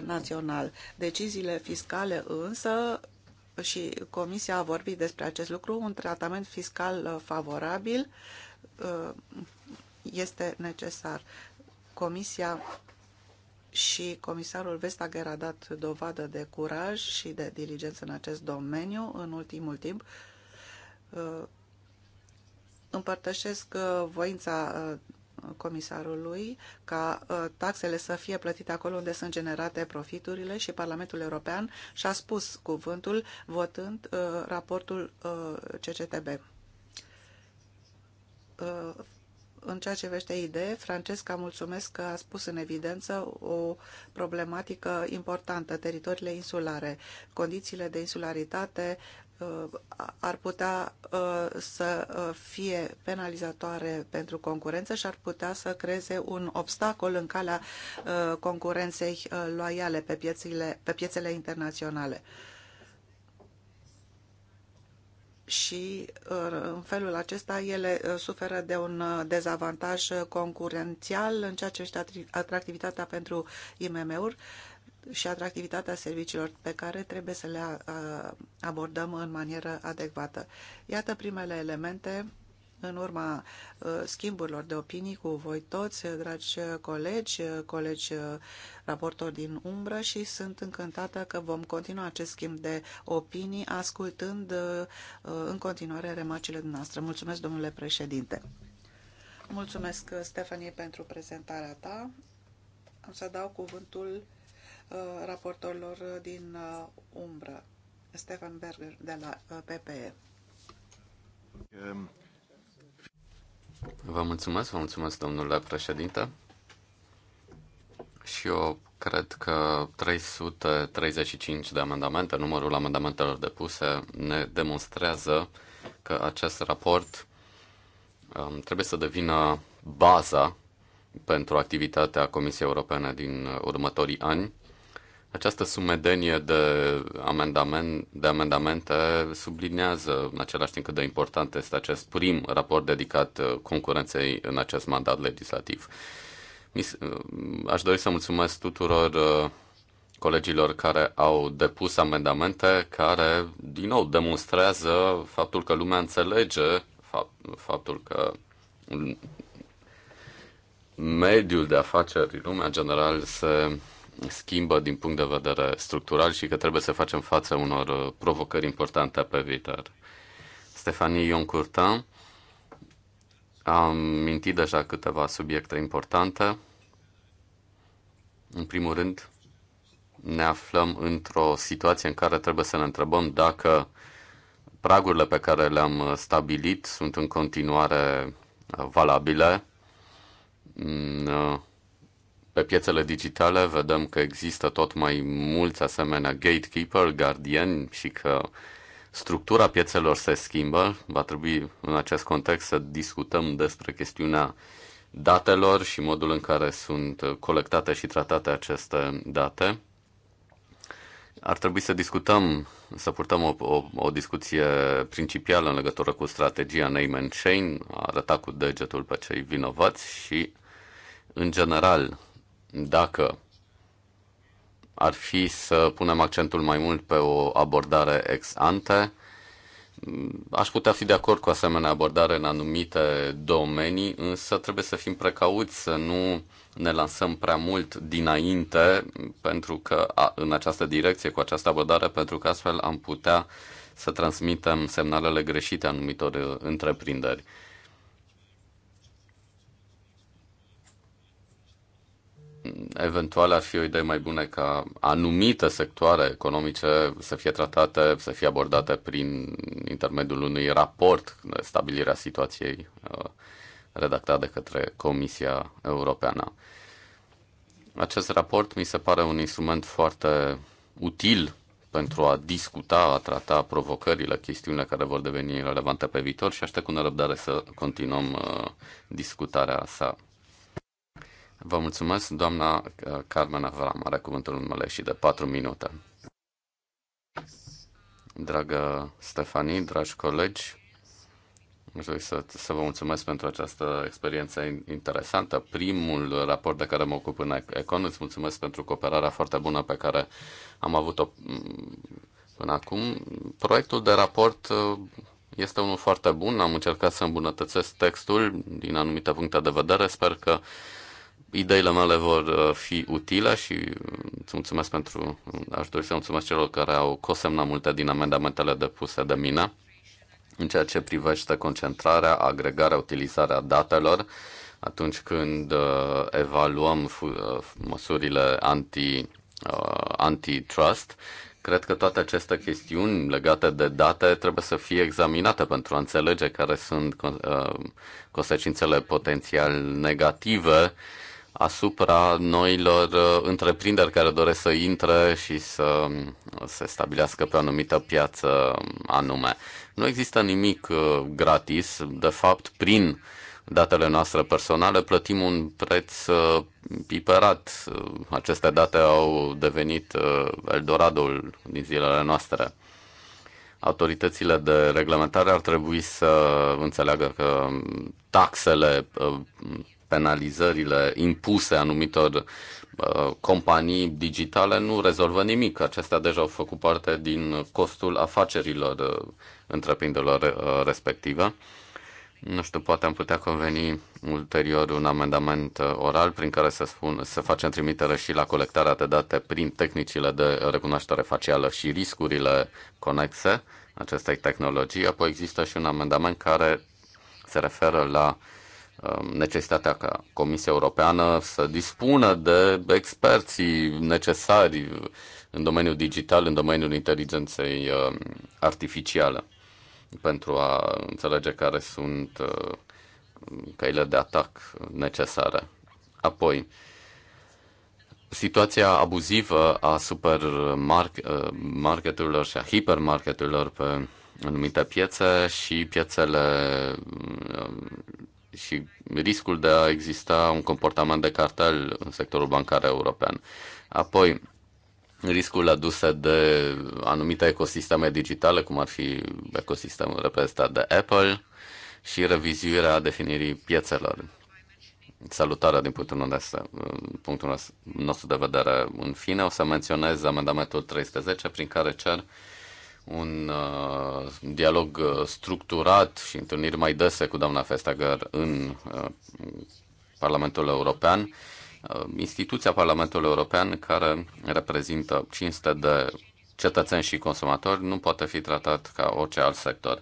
național. Deciziile fiscale însă și Comisia a vorbit despre acest lucru, un tratament fiscal favorabil Uh, este necesar. Comisia și comisarul Vestager a dat dovadă de curaj și de diligență în acest domeniu în ultimul timp. Uh, împărtășesc uh, voința comisarului ca taxele să fie plătite acolo unde sunt generate profiturile și Parlamentul European și-a spus cuvântul votând raportul CCTB. Uh, în ceea ce vește idee, Francesca, mulțumesc că a spus în evidență o problematică importantă, teritoriile insulare. Condițiile de insularitate uh, ar putea uh, să fie penalizatoare pentru concurență și ar putea să creeze un obstacol în calea concurenței loiale pe piețele, pe piețele internaționale și uh, în felul acesta ele uh, suferă de un uh, dezavantaj concurențial în ceea ce este atractivitatea pentru IMM-uri și atractivitatea serviciilor pe care trebuie să le abordăm în manieră adecvată. Iată primele elemente în urma uh, schimburilor de opinii cu voi toți, dragi colegi, colegi uh, raportori din umbră și sunt încântată că vom continua acest schimb de opinii ascultând uh, în continuare remarcile noastre. Mulțumesc, domnule președinte! Mulțumesc, Stefanie, pentru prezentarea ta. Am să dau cuvântul raportorilor din umbră. Stefan Berger de la PPE. Um. Vă mulțumesc, vă mulțumesc, domnule președinte. Și eu cred că 335 de amendamente, numărul amendamentelor depuse, ne demonstrează că acest raport um, trebuie să devină baza pentru activitatea Comisiei Europene din următorii ani această sumedenie de, amendament, de amendamente sublinează în același timp cât de important este acest prim raport dedicat uh, concurenței în acest mandat legislativ. Uh, aș dori să mulțumesc tuturor uh, colegilor care au depus amendamente care, din nou, demonstrează faptul că lumea înțelege faptul că mediul de afaceri, lumea general, se schimbă din punct de vedere structural și că trebuie să facem față unor uh, provocări importante pe viitor. Stefanie Ion Curtin am mintit deja câteva subiecte importante. În primul rând, ne aflăm într-o situație în care trebuie să ne întrebăm dacă pragurile pe care le-am uh, stabilit sunt în continuare uh, valabile. Pe piețele digitale vedem că există tot mai mulți asemenea gatekeeper, gardieni și că structura piețelor se schimbă. Va trebui în acest context să discutăm despre chestiunea datelor și modul în care sunt colectate și tratate aceste date. Ar trebui să discutăm, să purtăm o, o, o discuție principială în legătură cu strategia name and chain, arăta cu degetul pe cei vinovați și, în general, dacă ar fi să punem accentul mai mult pe o abordare ex ante, aș putea fi de acord cu asemenea abordare în anumite domenii, însă trebuie să fim precauți să nu ne lansăm prea mult dinainte pentru că a, în această direcție, cu această abordare, pentru că astfel am putea să transmitem semnalele greșite anumitor uh, întreprinderi. eventual ar fi o idee mai bună ca anumite sectoare economice să fie tratate, să fie abordate prin intermediul unui raport de stabilirea situației uh, redactat de către Comisia Europeană. Acest raport mi se pare un instrument foarte util pentru a discuta, a trata provocările, chestiunile care vor deveni relevante pe viitor și aștept cu nerăbdare să continuăm uh, discutarea sa. Vă mulțumesc, doamna uh, Carmen Avram, are cuvântul în și de 4 minute. Dragă Stefanie, dragi colegi, aș dori să, să vă mulțumesc pentru această experiență interesantă. Primul raport de care mă ocup în Econ, îți mulțumesc pentru cooperarea foarte bună pe care am avut-o mm, până acum. Proiectul de raport uh, este unul foarte bun, am încercat să îmbunătățesc textul din anumite puncte de vedere, sper că Ideile mele vor uh, fi utile și uh, îți mulțumesc pentru, aș dori să mulțumesc celor care au cosemnat multe din amendamentele depuse de mine în ceea ce privește concentrarea, agregarea, utilizarea datelor atunci când uh, evaluăm măsurile anti, antitrust. Cred că toate aceste chestiuni legate de date trebuie să fie examinate pentru a înțelege care sunt consecințele potențial negative asupra noilor uh, întreprinderi care doresc să intre și să uh, se stabilească pe o anumită piață um, anume. Nu există nimic uh, gratis, de fapt, prin datele noastre personale plătim un preț piperat. Aceste date au devenit Eldoradoul din zilele noastre autoritățile de reglementare ar trebui să înțeleagă că um, taxele penalizările impuse anumitor uh, companii digitale nu rezolvă nimic. Acestea deja au făcut parte din costul afacerilor uh, întreprinderilor uh, respective. Nu știu, poate am putea conveni ulterior un amendament oral prin care să, spun, să facem trimitere și la colectarea de date prin tehnicile de recunoaștere facială și riscurile conexe acestei tehnologii. Apoi există și un amendament care se referă la uh, Um, necesitatea ca Comisia Europeană să dispună de experții necesari în domeniul digital, în domeniul inteligenței um, artificiale, pentru a înțelege care sunt uh, căile de atac necesare. Apoi, situația abuzivă a supermarketurilor uh, și a hipermarketurilor pe anumite piețe și piețele um, și riscul de a exista un comportament de cartel în sectorul bancar european. Apoi, riscul aduse de anumite ecosisteme digitale, cum ar fi ecosistemul reprezentat de Apple și revizuirea definirii piețelor. Salutarea din punctul nostru, de vedere. În fine, o să menționez amendamentul 310 prin care cer un uh, dialog uh, structurat și întâlniri mai dese cu doamna Festager în uh, Parlamentul European. Uh, instituția Parlamentului European, care reprezintă 500 de cetățeni și consumatori, nu poate fi tratat ca orice alt sector.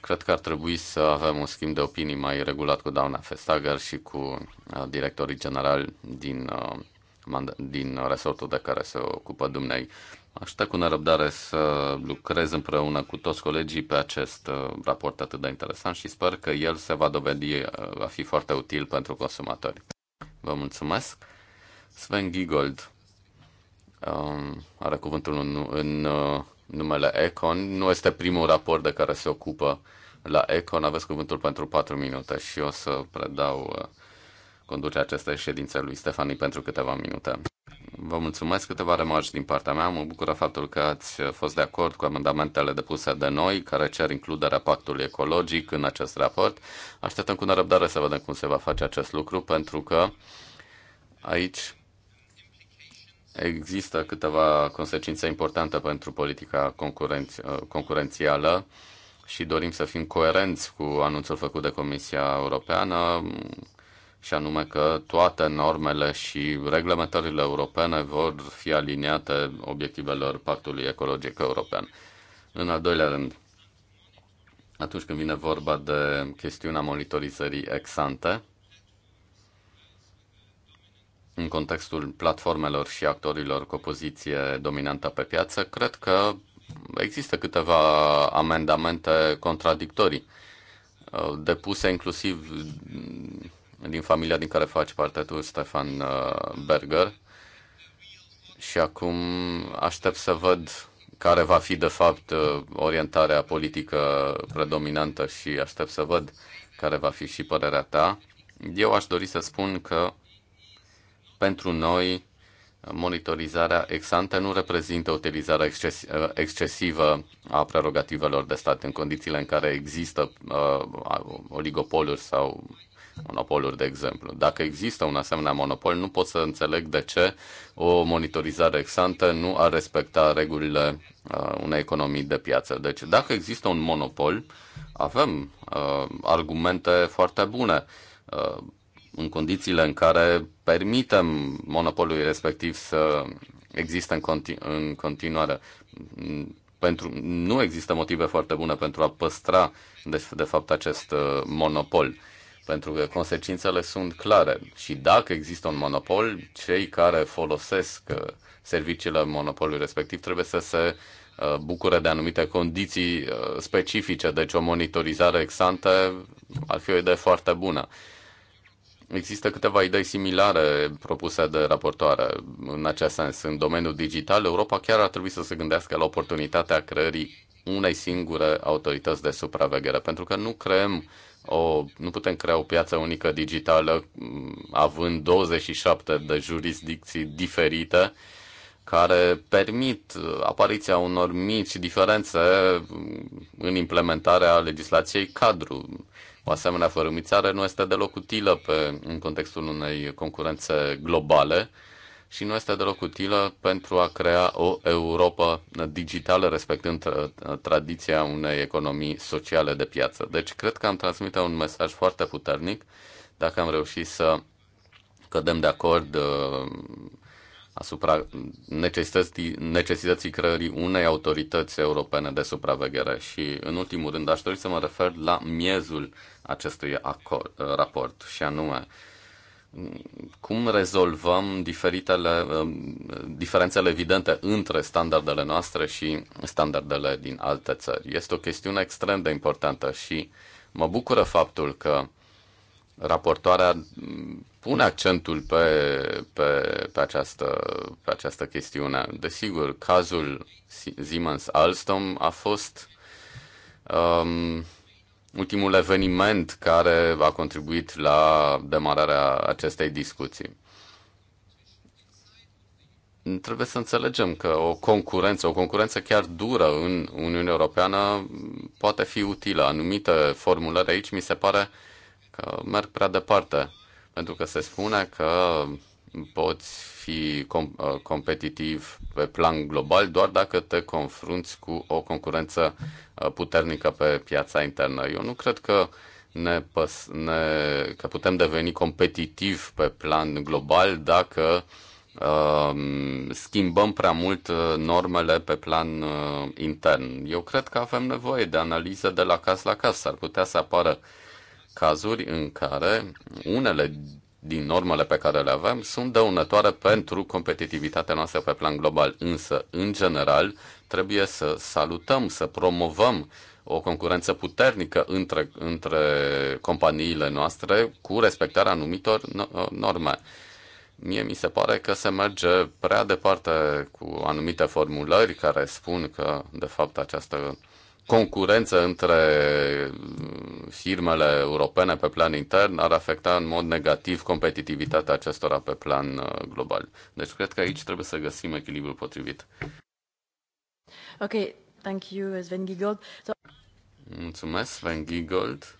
Cred că ar trebui să avem un schimb de opinii mai regulat cu doamna Festager și cu uh, directorii generali din, uh, din resortul de care se ocupă dumnei Aștept cu nerăbdare să lucrez împreună cu toți colegii pe acest uh, raport atât de interesant și sper că el se va dovedi uh, a fi foarte util pentru consumatori. Vă mulțumesc. Sven Giegold um, are cuvântul în, în uh, numele Econ. Nu este primul raport de care se ocupă la Econ. Aveți cuvântul pentru 4 minute și o să predau conducerea acestei ședințe lui Stefani pentru câteva minute. Vă mulțumesc câteva remarci din partea mea. Mă bucură faptul că ați fost de acord cu amendamentele depuse de noi, care cer includerea pactului ecologic în acest raport. Așteptăm cu nerăbdare să vedem cum se va face acest lucru, pentru că aici există câteva consecințe importante pentru politica concurenț- concurențială și dorim să fim coerenți cu anunțul făcut de Comisia Europeană și anume că toate normele și reglementările europene vor fi aliniate obiectivelor Pactului Ecologic European. În al doilea rând, atunci când vine vorba de chestiunea monitorizării ex-ante, în contextul platformelor și actorilor cu o poziție dominantă pe piață, cred că există câteva amendamente contradictorii uh, depuse inclusiv din familia din care faci parte tu, Stefan uh, Berger. Și acum aștept să văd care va fi, de fapt, uh, orientarea politică predominantă și aștept să văd care va fi și părerea ta. Eu aș dori să spun că pentru noi monitorizarea ex ante nu reprezintă utilizarea uh, excesivă a prerogativelor de stat în condițiile în care există uh, oligopoluri sau monopoluri, de exemplu. Dacă există un asemenea monopol, nu pot să înțeleg de ce o monitorizare exantă nu ar respecta regulile uh, unei economii de piață. Deci, dacă există un monopol, avem uh, argumente foarte bune. Uh, în condițiile în care permitem monopolului respectiv să existe în, continu- în continuare. Pentru, nu există motive foarte bune pentru a păstra, de, de fapt, acest uh, monopol pentru că consecințele sunt clare și dacă există un monopol, cei care folosesc uh, serviciile monopolului respectiv trebuie să se uh, bucure de anumite condiții uh, specifice, deci o monitorizare exante ar fi o idee foarte bună. Există câteva idei similare propuse de raportoare în acest sens. În domeniul digital, Europa chiar ar trebui să se gândească la oportunitatea creării unei singure autorități de supraveghere, pentru că nu creăm o, nu putem crea o piață unică digitală mm, având 27 de jurisdicții diferite care permit uh, apariția unor mici diferențe mm, în implementarea legislației cadru. O asemenea fărâmițare nu este deloc utilă pe, în contextul unei concurențe globale, și nu este deloc utilă pentru a crea o Europa digitală, respectând tradiția unei economii sociale de piață. Deci cred că am transmit un mesaj foarte puternic dacă am reușit să cădem de acord uh, asupra necesității, necesității creării unei autorități europene de supraveghere. Și, în ultimul rând, aș dori să mă refer la miezul acestui acord, uh, raport, și anume cum rezolvăm diferitele, um, diferențele evidente între standardele noastre și standardele din alte țări. Este o chestiune extrem de importantă și mă bucură faptul că raportoarea pune accentul pe, pe, pe, această, pe această chestiune. Desigur, cazul Siemens Alstom a fost um, ultimul eveniment care a contribuit la demararea acestei discuții. Trebuie să înțelegem că o concurență, o concurență chiar dură în Uniunea Europeană poate fi utilă. Anumite formulări aici mi se pare că merg prea departe, pentru că se spune că poți fi com- uh, competitiv pe plan global doar dacă te confrunți cu o concurență uh, puternică pe piața internă. Eu nu cred că ne, păs- ne că putem deveni competitiv pe plan global dacă uh, schimbăm prea mult uh, normele pe plan uh, intern. Eu cred că avem nevoie de analiză de la caz la caz. S-ar putea să apară cazuri în care unele din normele pe care le avem sunt dăunătoare pentru competitivitatea noastră pe plan global. Însă, în general, trebuie să salutăm, să promovăm o concurență puternică între, între companiile noastre cu respectarea anumitor uh, norme. Mie mi se pare că se merge prea departe cu anumite formulări care spun că, de fapt, această concurență între firmele europene pe plan intern ar afecta în mod negativ competitivitatea acestora pe plan uh, global. Deci cred că aici trebuie să găsim echilibrul potrivit. Ok, thank you, Sven Giegold. So... Mulțumesc, Sven Giegold.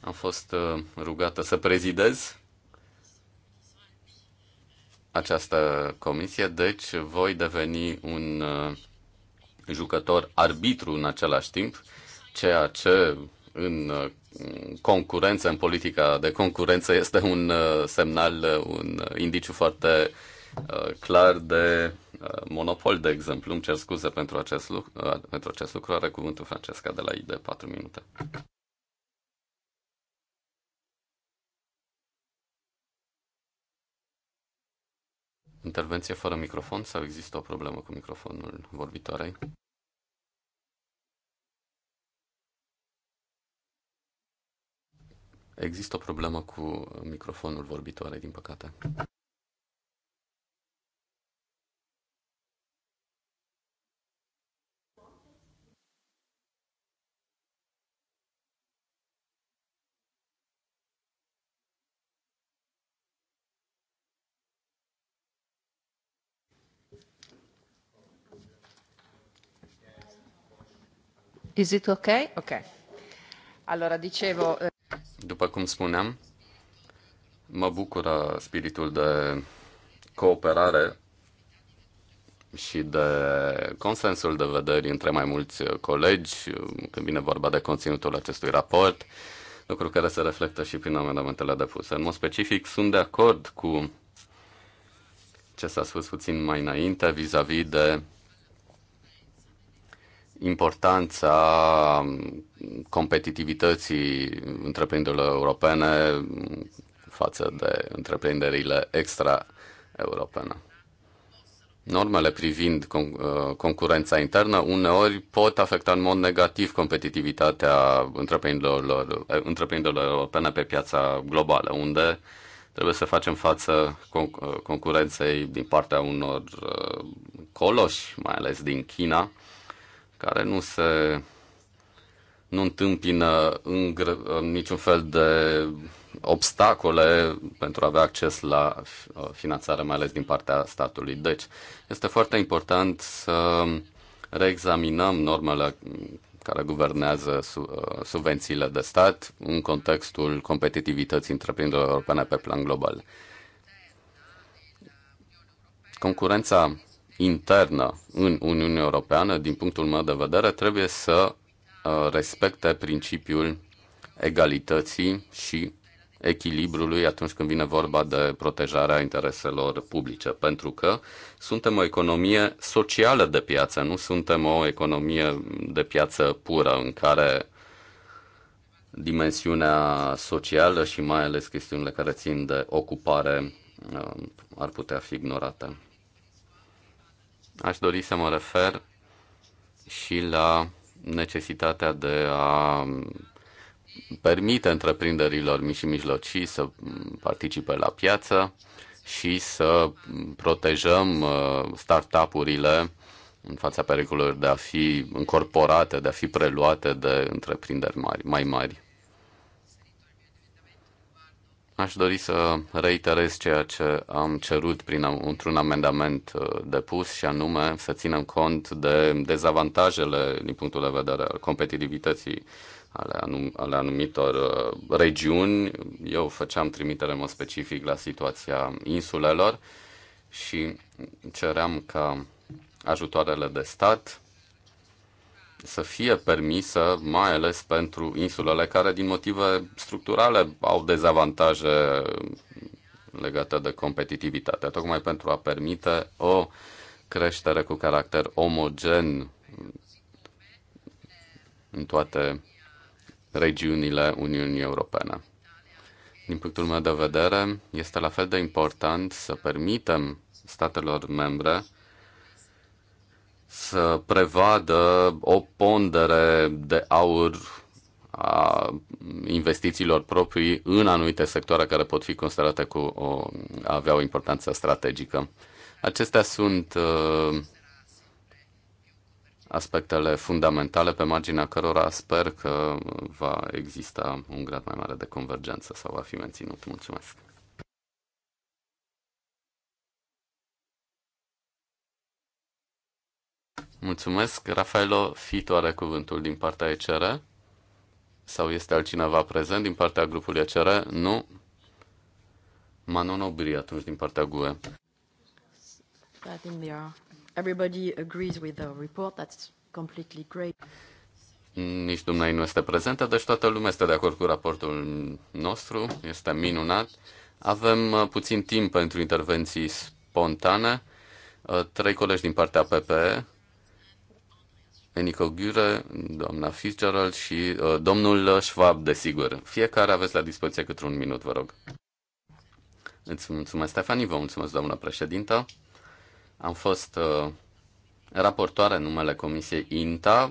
Am fost uh, rugată să prezidez această comisie, deci voi deveni un uh, jucător arbitru în același timp, ceea ce în uh, concurență, în politica de concurență, este un uh, semnal, uh, un indiciu foarte clar de monopol, de exemplu. Îmi cer scuze pentru acest lucru, pentru acest lucru. are cuvântul Francesca de la ID 4 minute. Intervenție fără microfon sau există o problemă cu microfonul vorbitoarei? Există o problemă cu microfonul vorbitoare, din păcate. Eh, După cum spuneam, mă bucură spiritul de cooperare și de consensul de vedere între mai mulți colegi când vine vorba de conținutul acestui raport, lucru care se reflectă și prin amendamentele depuse. În mod specific, sunt de acord cu ce s-a spus puțin mai înainte vis-a-vis -vis de importanța competitivității întreprinderilor europene față de întreprinderile extra-europene. Normele privind uh, concurența internă uneori pot afecta în mod negativ competitivitatea întreprinderilor, uh, întreprinderilor europene pe piața globală, unde trebuie să facem față uh, concurenței din partea unor coloși, mai ales din China, care nu se nu întâmpină în niciun fel de obstacole pentru a avea acces la uh, finanțare, mai ales din partea statului. Deci, este foarte important să reexaminăm normele care guvernează uh, subvențiile de stat în contextul competitivității întreprinderilor europene pe plan global. Concurența internă în Uniunea Europeană, din punctul meu de vedere, trebuie să uh, respecte principiul egalității și echilibrului atunci când vine vorba de protejarea intereselor publice, pentru că suntem o economie socială de piață, nu suntem o economie de piață pură în care dimensiunea socială și mai ales chestiunile care țin de ocupare uh, ar putea fi ignorate. Aș dori să mă refer și la necesitatea de a permite întreprinderilor mici și mijlocii să participe la piață și să protejăm uh, startup-urile în fața pericolului de a fi încorporate, de a fi preluate de întreprinderi mari, mai mari. Aș dori să reiterez ceea ce am cerut prin într-un amendament uh, depus și anume să ținem cont de dezavantajele din punctul de vedere al competitivității ale, anum, ale anumitor uh, regiuni. Eu făceam trimitere în mod specific la situația insulelor și ceream ca ajutoarele de stat să fie permisă, mai ales pentru insulele care, din motive structurale, au dezavantaje legate de competitivitate, tocmai pentru a permite o creștere cu caracter omogen în toate regiunile Uniunii Europene. Din punctul meu de vedere, este la fel de important să permitem statelor membre să prevadă o pondere de aur a investițiilor proprii în anumite sectoare care pot fi considerate cu o, avea o importanță strategică. Acestea sunt uh, aspectele fundamentale pe marginea cărora sper că va exista un grad mai mare de convergență sau va fi menținut. Mulțumesc! Mulțumesc. Rafaelo Fito are cuvântul din partea ECR. Sau este altcineva prezent din partea grupului ECR? Nu. Manon Obri, atunci din partea GUE. I think they are. Everybody agrees with the report. That's completely great. Nici dumneai nu este prezentă, deci toată lumea este de acord cu raportul nostru. Este minunat. Avem uh, puțin timp pentru intervenții spontane. Uh, trei colegi din partea PPE, Enico Gure, doamna Fitzgerald și uh, domnul Schwab, desigur. Fiecare aveți la dispoziție câte un minut, vă rog. Îți mulțumesc, Stefani, vă mulțumesc, doamnă președintă. Am fost uh, raportoare în numele Comisiei INTA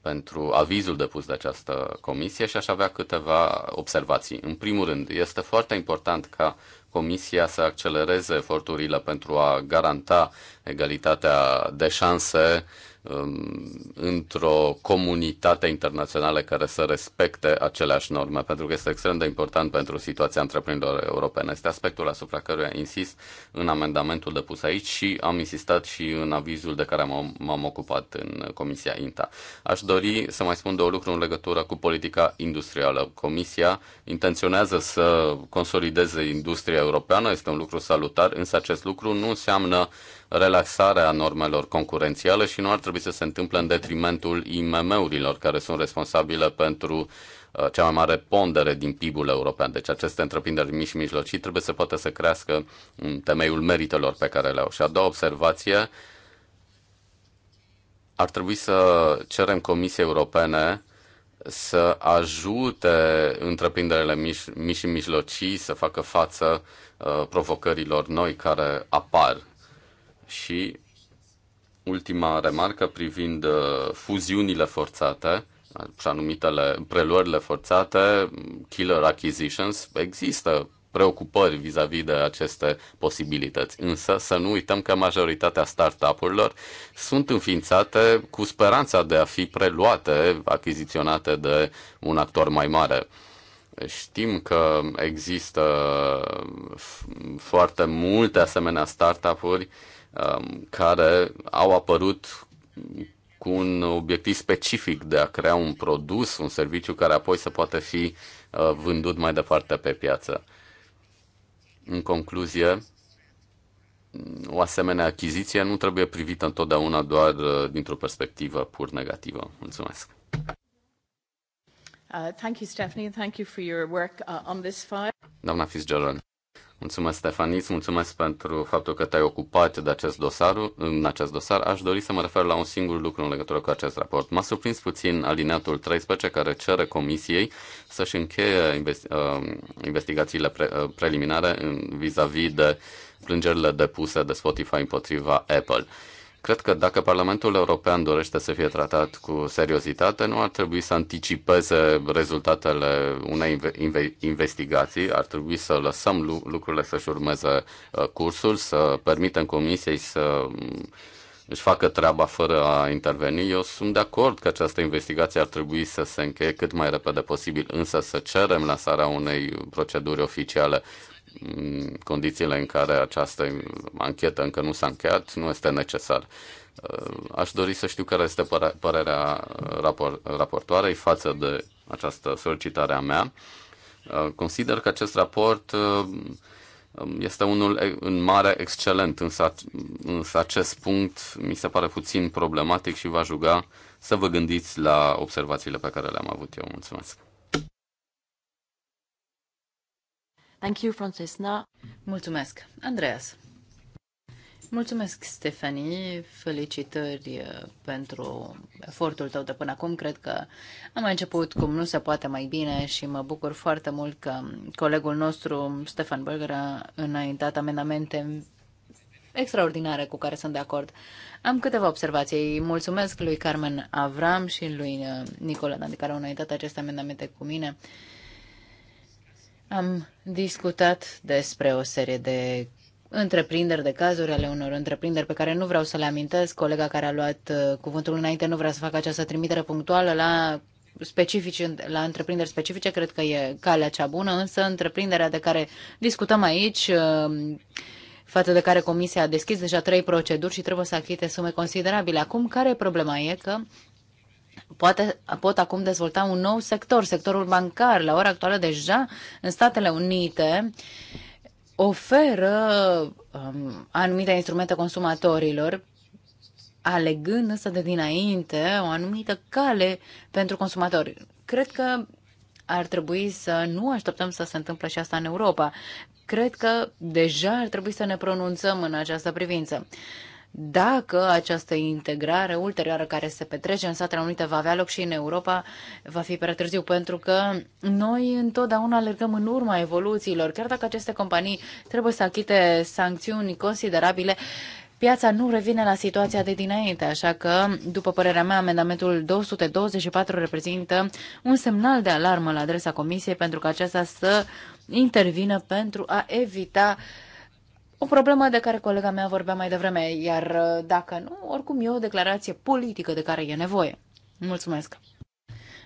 pentru avizul depus de această comisie și aș avea câteva observații. În primul rând, este foarte important ca Comisia să accelereze eforturile pentru a garanta egalitatea de șanse Um, într-o comunitate internațională care să respecte aceleași norme, pentru că este extrem de important pentru situația întreprinderilor europene. Este aspectul asupra căruia insist în amendamentul depus aici și am insistat și în avizul de care m-am ocupat în Comisia INTA. Aș dori să mai spun două lucruri în legătură cu politica industrială. Comisia intenționează să consolideze industria europeană, este un lucru salutar, însă acest lucru nu înseamnă uh, relaxare a normelor concurențiale și nu ar trebui să se întâmple în detrimentul IMM-urilor care sunt responsabile pentru uh, cea mai mare pondere din PIB-ul european. Deci aceste întreprinderi mici și mijlocii trebuie să poată să crească în temeiul meritelor pe care le au. Și a doua observație, ar trebui să cerem Comisiei Europene să ajute întreprinderile mici, mici și mijlocii să facă față uh, provocărilor noi care apar și ultima remarcă privind uh, fuziunile forțate, așa numitele preluările forțate, killer acquisitions, există preocupări vis-a-vis -vis de aceste posibilități. Însă să nu uităm că majoritatea startup-urilor sunt înființate cu speranța de a fi preluate, achiziționate de un actor mai mare. Știm că există foarte multe asemenea startup-uri uh, Um, care au apărut cu un obiectiv specific de a crea un produs, un serviciu care apoi să poată fi uh, vândut mai departe pe piață. În concluzie, o asemenea achiziție nu trebuie privită întotdeauna doar uh, dintr-o perspectivă pur negativă. Mulțumesc! Uh, thank you, Stephanie, and thank you for your work uh, on this file. Doamna Fitzgerald, Mulțumesc, Stefanis, mulțumesc pentru faptul că te-ai ocupat de acest dosar. În acest dosar aș dori să mă refer la un singur lucru în legătură cu acest raport. M-a surprins puțin alineatul 13 care cere comisiei să-și încheie uh, investigațiile pre- uh, preliminare vis-a-vis -vis de plângerile depuse de Spotify împotriva Apple. Uh, Cred că dacă Parlamentul European dorește să fie tratat cu seriozitate, nu ar trebui să anticipeze rezultatele unei investigații, ar trebui să lăsăm lucrurile să-și urmeze uh, cursul, să permitem Comisiei să mm, își facă treaba fără a interveni. Eu sunt de acord că această investigație ar trebui să se încheie cât mai repede posibil, însă să cerem lansarea unei proceduri oficiale condițiile în care această anchetă încă nu s-a încheiat, nu este necesar. Uh, aș dori să știu care este părerea uh, raportoarei față de această solicitare a mea. Uh, consider că acest raport um, este unul în mare excelent, însă, însă acest punct mi se pare puțin problematic și va juga să vă gândiți la observațiile pe care le-am avut eu. Mulțumesc! Thank you, Mulțumesc, Andreas. Mulțumesc, Stefanie. Felicitări uh, pentru efortul tău de până acum. Cred că am început cum nu se poate mai bine și mă bucur foarte mult că colegul nostru, Stefan Berger, a înaintat amendamente extraordinare cu care sunt de acord. Am câteva observații. Mulțumesc lui Carmen Avram și lui uh, Nicola Dan, care au înaintat aceste amendamente cu mine. Am discutat despre o serie de întreprinderi, de cazuri ale unor întreprinderi pe care nu vreau să le amintesc. Colega care a luat uh, cuvântul înainte nu vrea să facă această trimitere punctuală la specifici, la întreprinderi specifice, cred că e calea cea bună, însă întreprinderea de care discutăm aici, uh, față de care Comisia a deschis deja trei proceduri și trebuie să achite sume considerabile. Acum, care e problema? E că poate, pot acum dezvolta un nou sector, sectorul bancar. La ora actuală, deja în Statele Unite, oferă um, anumite instrumente consumatorilor, alegând însă de dinainte o anumită cale pentru consumatori. Cred că ar trebui să nu așteptăm să se întâmple și asta în Europa. Cred că deja ar trebui să ne pronunțăm în această privință dacă această integrare ulterioară care se petrece în Statele Unite va avea loc și în Europa, va fi prea târziu, pentru că noi întotdeauna alergăm în urma evoluțiilor. Chiar dacă aceste companii trebuie să achite sancțiuni considerabile, piața nu revine la situația de dinainte, așa că, după părerea mea, amendamentul 224 reprezintă un semnal de alarmă la adresa Comisiei pentru că aceasta să intervină pentru a evita uh, o problemă de care colega mea vorbea mai devreme, iar uh, dacă nu, oricum e o declarație politică de care e nevoie. Mulțumesc!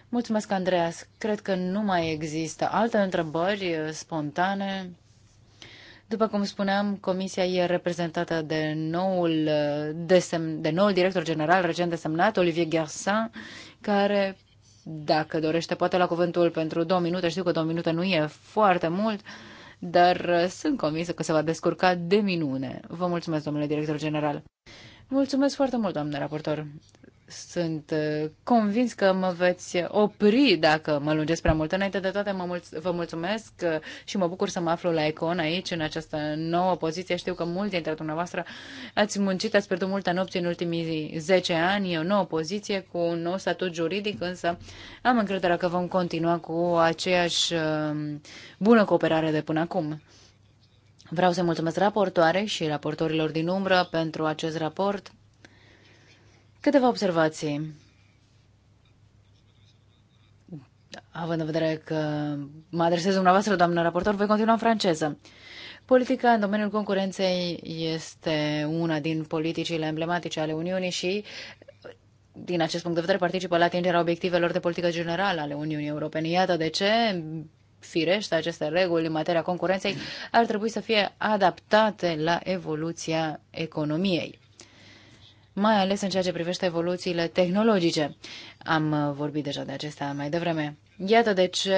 Mulțumesc, Andreas. Cred că nu mai există alte întrebări uh, spontane. După cum spuneam, comisia e reprezentată de noul, uh, desem, de noul director general recent desemnat, Olivier Garsan, care, dacă dorește, poate la cuvântul pentru două minute, știu că două minute nu e foarte mult, uh, dar uh, sunt convinsă că se va descurca de minune. Vă mulțumesc, domnule director general. Mulțumesc foarte mult, doamnă raportor. Sunt uh, convins că mă veți opri dacă mă lungesc prea mult. Înainte de toate, mă mulț- vă mulțumesc uh, și mă bucur să mă aflu la Econ aici, în această nouă poziție. Știu că mulți dintre dumneavoastră ați muncit, ați pierdut multe nopți în ultimii 10 ani. E o nouă poziție cu un nou statut juridic, însă am încrederea că vom continua cu aceeași um, bună cooperare de până acum. Vreau să mulțumesc raportoare și raportorilor din umbră pentru acest raport Câteva observații. Având în vedere că mă adresez dumneavoastră, doamnă raportor, voi continua în franceză. Politica în domeniul concurenței este una din politicile emblematice ale Uniunii și din acest punct de vedere, participă la atingerea obiectivelor de politică generală ale Uniunii Europene. Iată de ce, firește, aceste reguli în materia concurenței ar trebui să fie adaptate la evoluția economiei mai ales în ceea ce privește evoluțiile tehnologice. Am uh, vorbit deja de acestea mai devreme. Iată de ce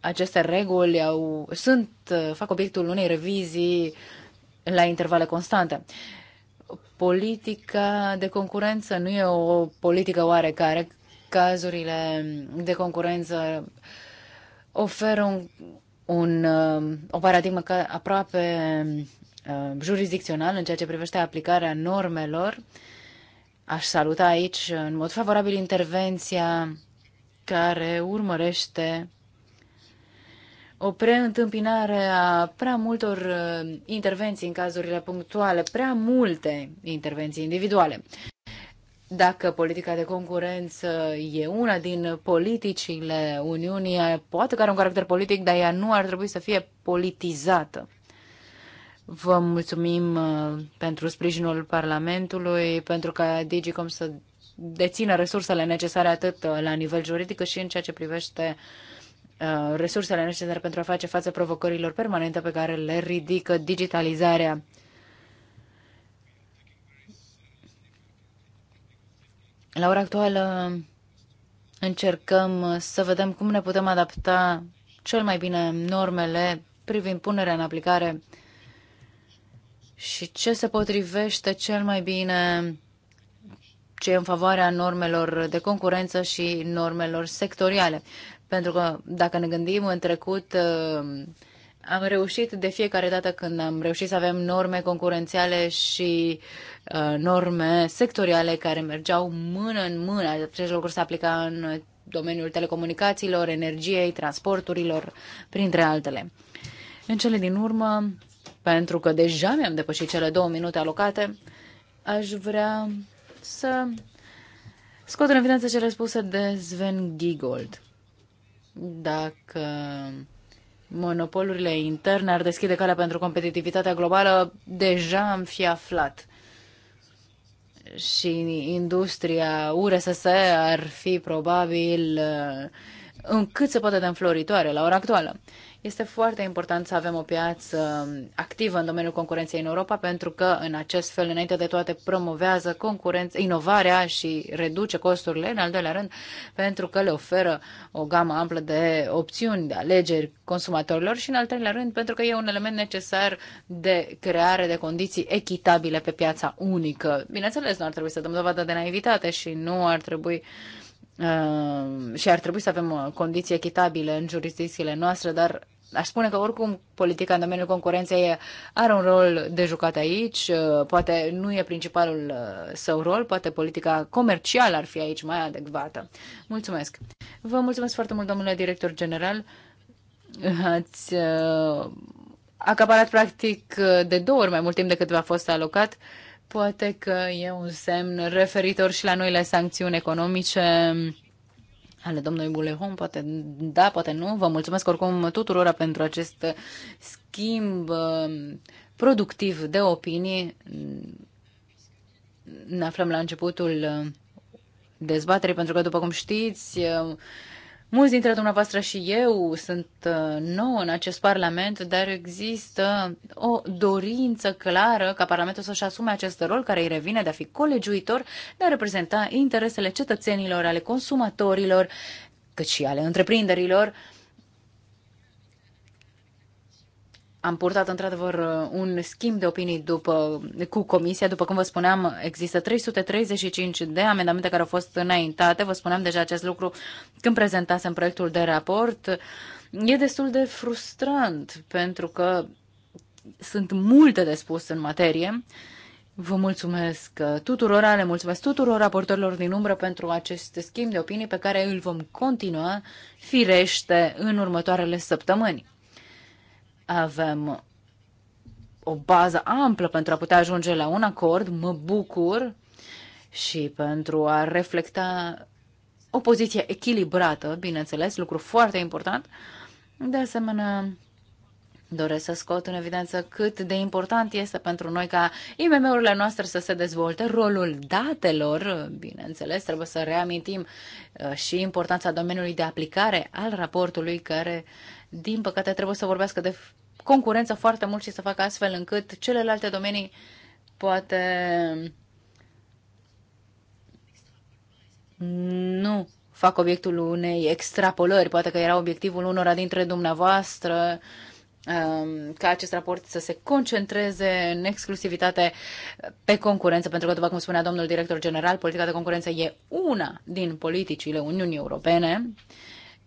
aceste reguli au, sunt, uh, fac obiectul unei revizii la intervale constante. Politica de concurență nu e o politică oarecare. Cazurile de concurență oferă un, un, uh, o paradigmă aproape Uh, jurisdicțional în ceea ce privește aplicarea normelor. Aș saluta aici uh, în mod favorabil intervenția care urmărește o preîntâmpinare a prea multor uh, intervenții în cazurile punctuale, prea multe intervenții individuale. Dacă politica de concurență e una din politicile Uniunii, poate că are un caracter politic, dar ea nu ar trebui să fie politizată. Vă mulțumim uh, pentru sprijinul Parlamentului, pentru ca Digicom să dețină resursele necesare atât uh, la nivel juridic cât și în ceea ce privește uh, resursele necesare pentru a face față provocărilor permanente pe care le ridică digitalizarea. La ora actuală încercăm să vedem cum ne putem adapta cel mai bine normele privind punerea în aplicare și ce se potrivește cel mai bine ce e în favoarea normelor de concurență și normelor sectoriale. Pentru că, dacă ne gândim, în trecut uh, am reușit de fiecare dată când am reușit să avem norme concurențiale și uh, norme sectoriale care mergeau mână în mână. Acest lucru se aplica în domeniul telecomunicațiilor, energiei, transporturilor, printre altele. În cele din urmă, pentru că deja mi-am depășit cele două minute alocate, aș vrea să scot în evidență cele spuse de Sven Giegold. Dacă monopolurile interne ar deschide calea pentru competitivitatea globală, deja am fi aflat. Și industria URSS ar fi probabil uh, în cât se poate de înfloritoare la ora actuală. Este foarte important să avem o piață um, activă în domeniul concurenței în Europa, pentru că în acest fel, înainte de toate, promovează concurența, inovarea și reduce costurile, în al doilea rând, pentru că le oferă o gamă amplă de opțiuni, de alegeri consumatorilor și, în al treilea rând, pentru că e un element necesar de creare de condiții echitabile pe piața unică. Bineînțeles, nu ar trebui să dăm dovadă de naivitate și nu ar trebui uh, Uh, și ar trebui să avem uh, condiții echitabile în jurisdicțiile noastre, dar aș spune că oricum politica în domeniul concurenței are un rol de jucat aici, uh, poate nu e principalul său rol, poate politica comercială ar fi aici mai adecvată. Mulțumesc! Vă mulțumesc foarte mult, domnule director general. Ați acaparat practic de două ori mai mult timp decât v-a fost alocat. Poate că e un semn referitor și la noile sancțiuni economice ale domnului Bulehon, poate da, poate nu. Vă mulțumesc oricum tuturora pentru acest schimb um, productiv de opinii. Ne aflăm la începutul um, dezbaterii, pentru că, după cum știți, um, Mulți dintre dumneavoastră și eu sunt uh, nou în acest Parlament, dar există o dorință clară ca Parlamentul să-și asume acest rol care îi revine de a fi colegiuitor, de a reprezenta interesele cetățenilor, ale consumatorilor, cât și ale întreprinderilor, uh, am purtat într-adevăr un schimb de opinii după, cu comisia. După cum vă spuneam, există 335 de amendamente care au fost înaintate. Vă spuneam deja acest lucru când prezentasem proiectul de raport. E destul de frustrant pentru că sunt multe de spus în materie. Vă mulțumesc tuturor, le mulțumesc tuturor raportorilor din umbră pentru acest schimb de opinii pe care îl vom continua firește în următoarele săptămâni. Avem o bază amplă pentru a putea ajunge la un acord. Mă bucur și pentru a reflecta o poziție echilibrată, bineînțeles, lucru foarte important. De asemenea, doresc să scot în evidență cât de important este pentru noi ca IMM-urile noastre să se dezvolte rolul datelor, bineînțeles, trebuie să reamintim uh, și importanța domeniului de aplicare al raportului care din păcate trebuie să vorbească de concurență foarte mult și să facă astfel încât celelalte domenii poate nu fac obiectul unei extrapolări. Poate că era obiectivul unora dintre dumneavoastră um, ca acest raport să se concentreze în exclusivitate pe concurență, pentru că, după cum spunea domnul director general, politica de concurență e una din politicile Uniunii Europene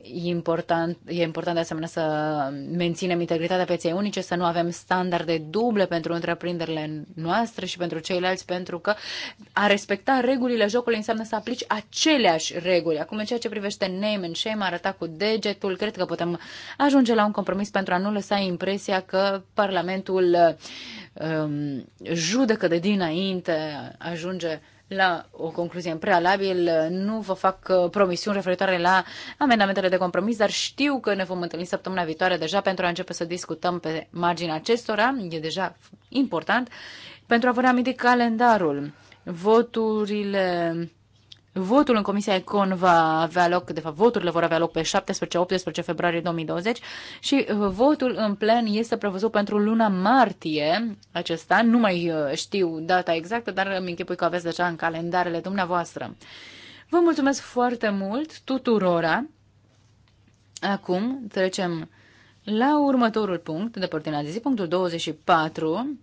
E important, e important de asemenea să menținem integritatea pieței unice, să nu avem standarde duble pentru întreprinderile noastre și pentru ceilalți, pentru că a respecta regulile jocului înseamnă să aplici aceleași reguli. Acum, în ceea ce privește name and shame, arăta cu degetul, cred că putem ajunge la un compromis pentru a nu lăsa impresia că Parlamentul um, judecă de dinainte, ajunge la o concluzie în prealabil. Nu vă fac uh, promisiuni referitoare la amendamentele de compromis, dar știu că ne vom întâlni săptămâna viitoare deja pentru a începe să discutăm pe marginea acestora. E deja important pentru a vă reaminti calendarul. Voturile Votul în Comisia Econ va avea loc, de fapt voturile vor avea loc pe 17-18 februarie 2020 și uh, votul în plen este prevăzut pentru luna martie acest an. Nu mai uh, știu data exactă, dar îmi închipui că aveți deja în calendarele dumneavoastră. Vă mulțumesc foarte mult tuturora. Acum trecem la următorul punct de pe ordinea de zi, punctul 24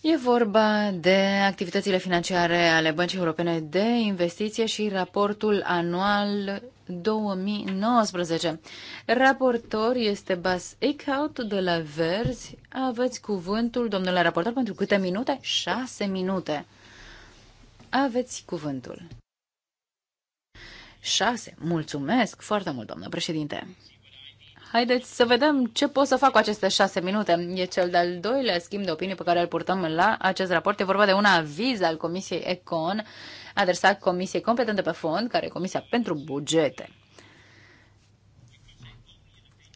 E vorba de activitățile financiare ale Băncii Europene de Investiție și raportul anual 2019. Raportor este Bas Eichhout de la Verzi. Aveți cuvântul, domnule raportor, pentru câte minute? Șase minute. Aveți cuvântul. Șase. Mulțumesc foarte mult, doamnă președinte. Haideți să vedem ce pot să fac cu aceste șase minute. E cel de-al doilea schimb de opinie pe care îl purtăm la acest raport. E vorba de un aviz al Comisiei Econ adresat Comisiei competente pe fond, care e Comisia pentru Bugete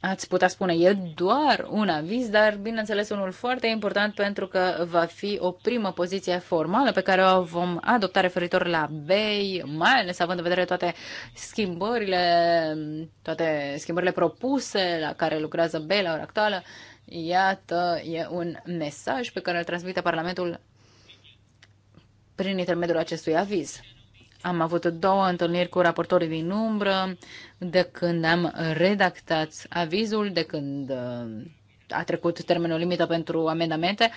ați putea spune, e doar un aviz, dar bineînțeles unul foarte important pentru că va fi o primă poziție formală pe care o vom adopta referitor la BEI, mai ales având în vedere toate schimbările, toate schimbările propuse la care lucrează BEI la ora actuală. Iată, e un mesaj pe care îl transmite Parlamentul prin intermediul acestui aviz. Am avut două întâlniri cu raportorii din umbră de când am redactat avizul, de când uh, a trecut termenul limită pentru amendamente.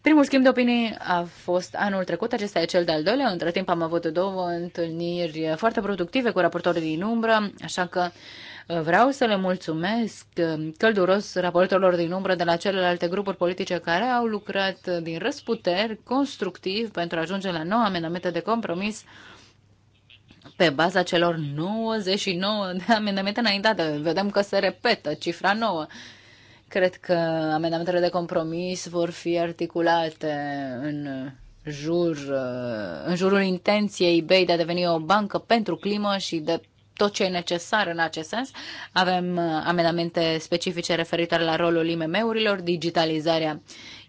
Primul schimb de opinii a fost anul trecut, acesta e cel de-al doilea. Între timp am avut două întâlniri foarte productive cu raportorii din umbră, așa că uh, vreau să le mulțumesc uh, călduros raportorilor din umbră de la celelalte grupuri politice care au lucrat din răsputeri constructiv pentru a ajunge la noua amendamente de compromis pe baza celor 99 de amendamente înaintate. Vedem că se repetă cifra 9. Cred că amendamentele de compromis vor fi articulate în jur, în jurul intenției BEI de a deveni o bancă pentru climă și de tot ce e necesar în acest sens. Avem amendamente specifice referitoare la rolul IMM-urilor, digitalizarea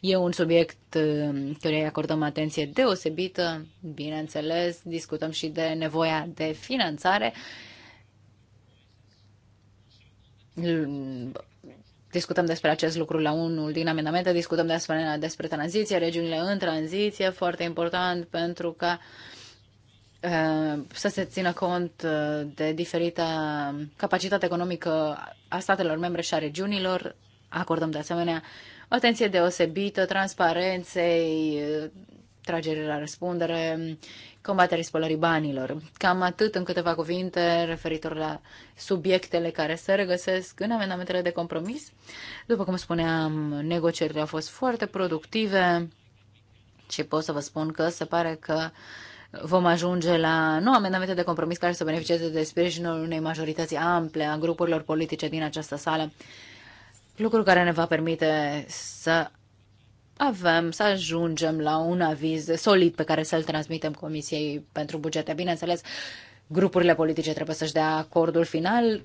E un subiect uh, căruia îi acordăm atenție deosebită. Bineînțeles, discutăm și de nevoia de finanțare. Discutăm despre acest lucru la unul din amendamente, discutăm despre, despre tranziție, regiunile în tranziție, foarte important pentru că uh, să se țină cont uh, de diferita capacitate economică a statelor membre și a regiunilor. Acordăm de asemenea uh, atenție deosebită transparenței, tragere la răspundere, combaterii spălării banilor. Cam atât în câteva cuvinte referitor la subiectele care se regăsesc în amendamentele de compromis. După cum spuneam, negocierile au fost foarte productive și pot să vă spun că se pare că vom ajunge la nu amendamente de compromis care să beneficieze de sprijinul unei majorități ample a grupurilor politice din această sală lucru care ne va permite să avem, să ajungem la un aviz solid pe care să-l transmitem Comisiei pentru Bugete. Bineînțeles, grupurile politice trebuie să-și dea acordul final,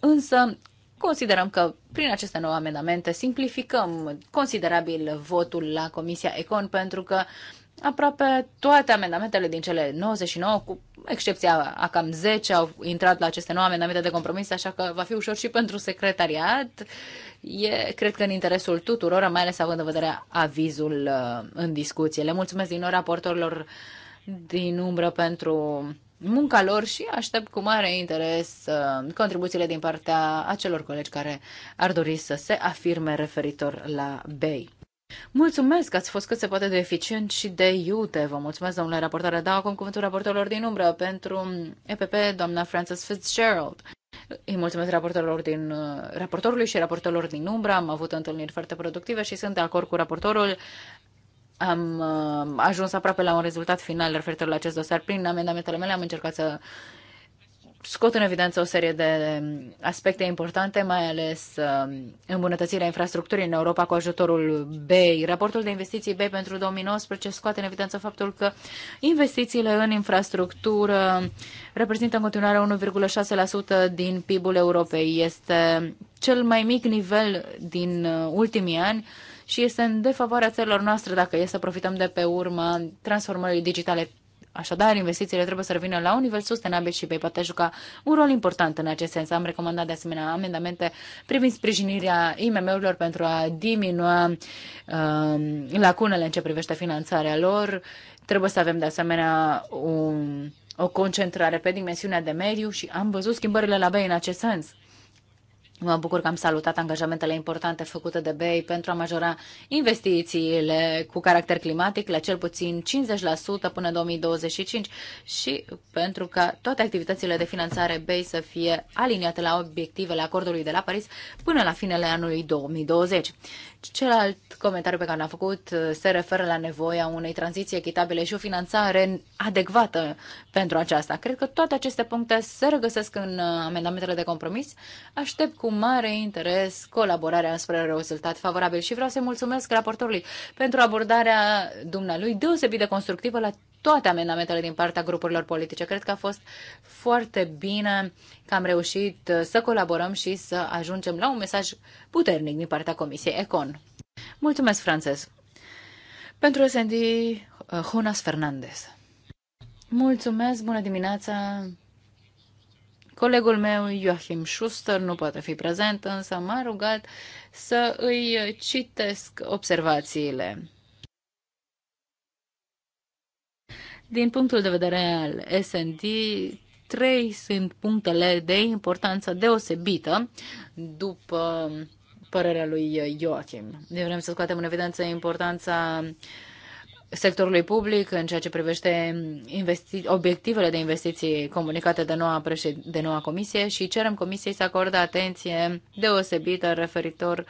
însă considerăm că prin aceste nouă amendamente simplificăm considerabil votul la Comisia Econ pentru că Aproape toate amendamentele din cele 99, cu excepția a cam 10, au intrat la aceste nouă amendamente de compromis, așa că va fi ușor și pentru secretariat. E, cred că, în interesul tuturor, mai ales având în vedere avizul uh, în discuție. Le mulțumesc din nou raportorilor din umbră pentru munca lor și aștept cu mare interes uh, contribuțiile din partea acelor colegi care ar dori să se afirme referitor la BEI. Mulțumesc că ați fost cât se poate de eficient și de iute. Vă mulțumesc, domnule raportare. Da, acum cuvântul raportorilor din umbră pentru EPP, doamna Frances Fitzgerald. Îi mulțumesc raportorilor din, raportorului și raportorilor din umbră. Am avut întâlniri foarte productive și sunt de acord cu raportorul. Am ajuns aproape la un rezultat final referitor la acest dosar. Prin amendamentele mele am încercat să scot în evidență o serie de aspecte importante, mai ales um, îmbunătățirea infrastructurii în Europa cu ajutorul BEI. Raportul de investiții BEI pentru 2019 scoate în evidență faptul că investițiile în infrastructură reprezintă în continuare 1,6% din PIB-ul Europei. Este cel mai mic nivel din uh, ultimii ani și este în defavoarea țărilor noastre dacă e să profităm de pe urma transformării digitale Așadar, investițiile trebuie să revină la un nivel sustenabil și vei poate juca un rol important în acest sens. Am recomandat de asemenea amendamente privind sprijinirea IMM-urilor pentru a diminua uh, lacunele în ce privește finanțarea lor. Trebuie să avem de asemenea un, o concentrare pe dimensiunea de mediu și am văzut schimbările la BEI în acest sens. Mă bucur că am salutat angajamentele importante făcute de BEI pentru a majora investițiile cu caracter climatic la cel puțin 50% până 2025 și pentru ca toate activitățile de finanțare BEI să fie aliniate la obiectivele acordului de la Paris până la finele anului 2020. Celălalt comentariu pe care l-am făcut uh, se referă la nevoia unei tranziții echitabile și o finanțare adecvată pentru aceasta. Cred că toate aceste puncte se regăsesc în uh, amendamentele de compromis. Aștept cu mare interes colaborarea spre rezultat favorabil și vreau să mulțumesc raportorului pentru abordarea dumnealui deosebit de constructivă la toate amendamentele din partea grupurilor politice. Cred că a fost foarte bine că am reușit uh, să colaborăm și să ajungem la un mesaj puternic din partea Comisiei Econ. Mulțumesc, Frances! Pentru S&D, uh, Jonas Fernandez. Mulțumesc, bună dimineața! Colegul meu, Joachim Schuster, nu poate fi prezent, însă m-a rugat să îi citesc observațiile. Din punctul de vedere al S&D, trei sunt punctele de importanță deosebită după părerea lui Joachim. De vrem să scoatem în evidență importanța sectorului public în ceea ce privește obiectivele de investiții comunicate de noua, de noua comisie și cerem comisiei să acorde atenție deosebită referitor uh,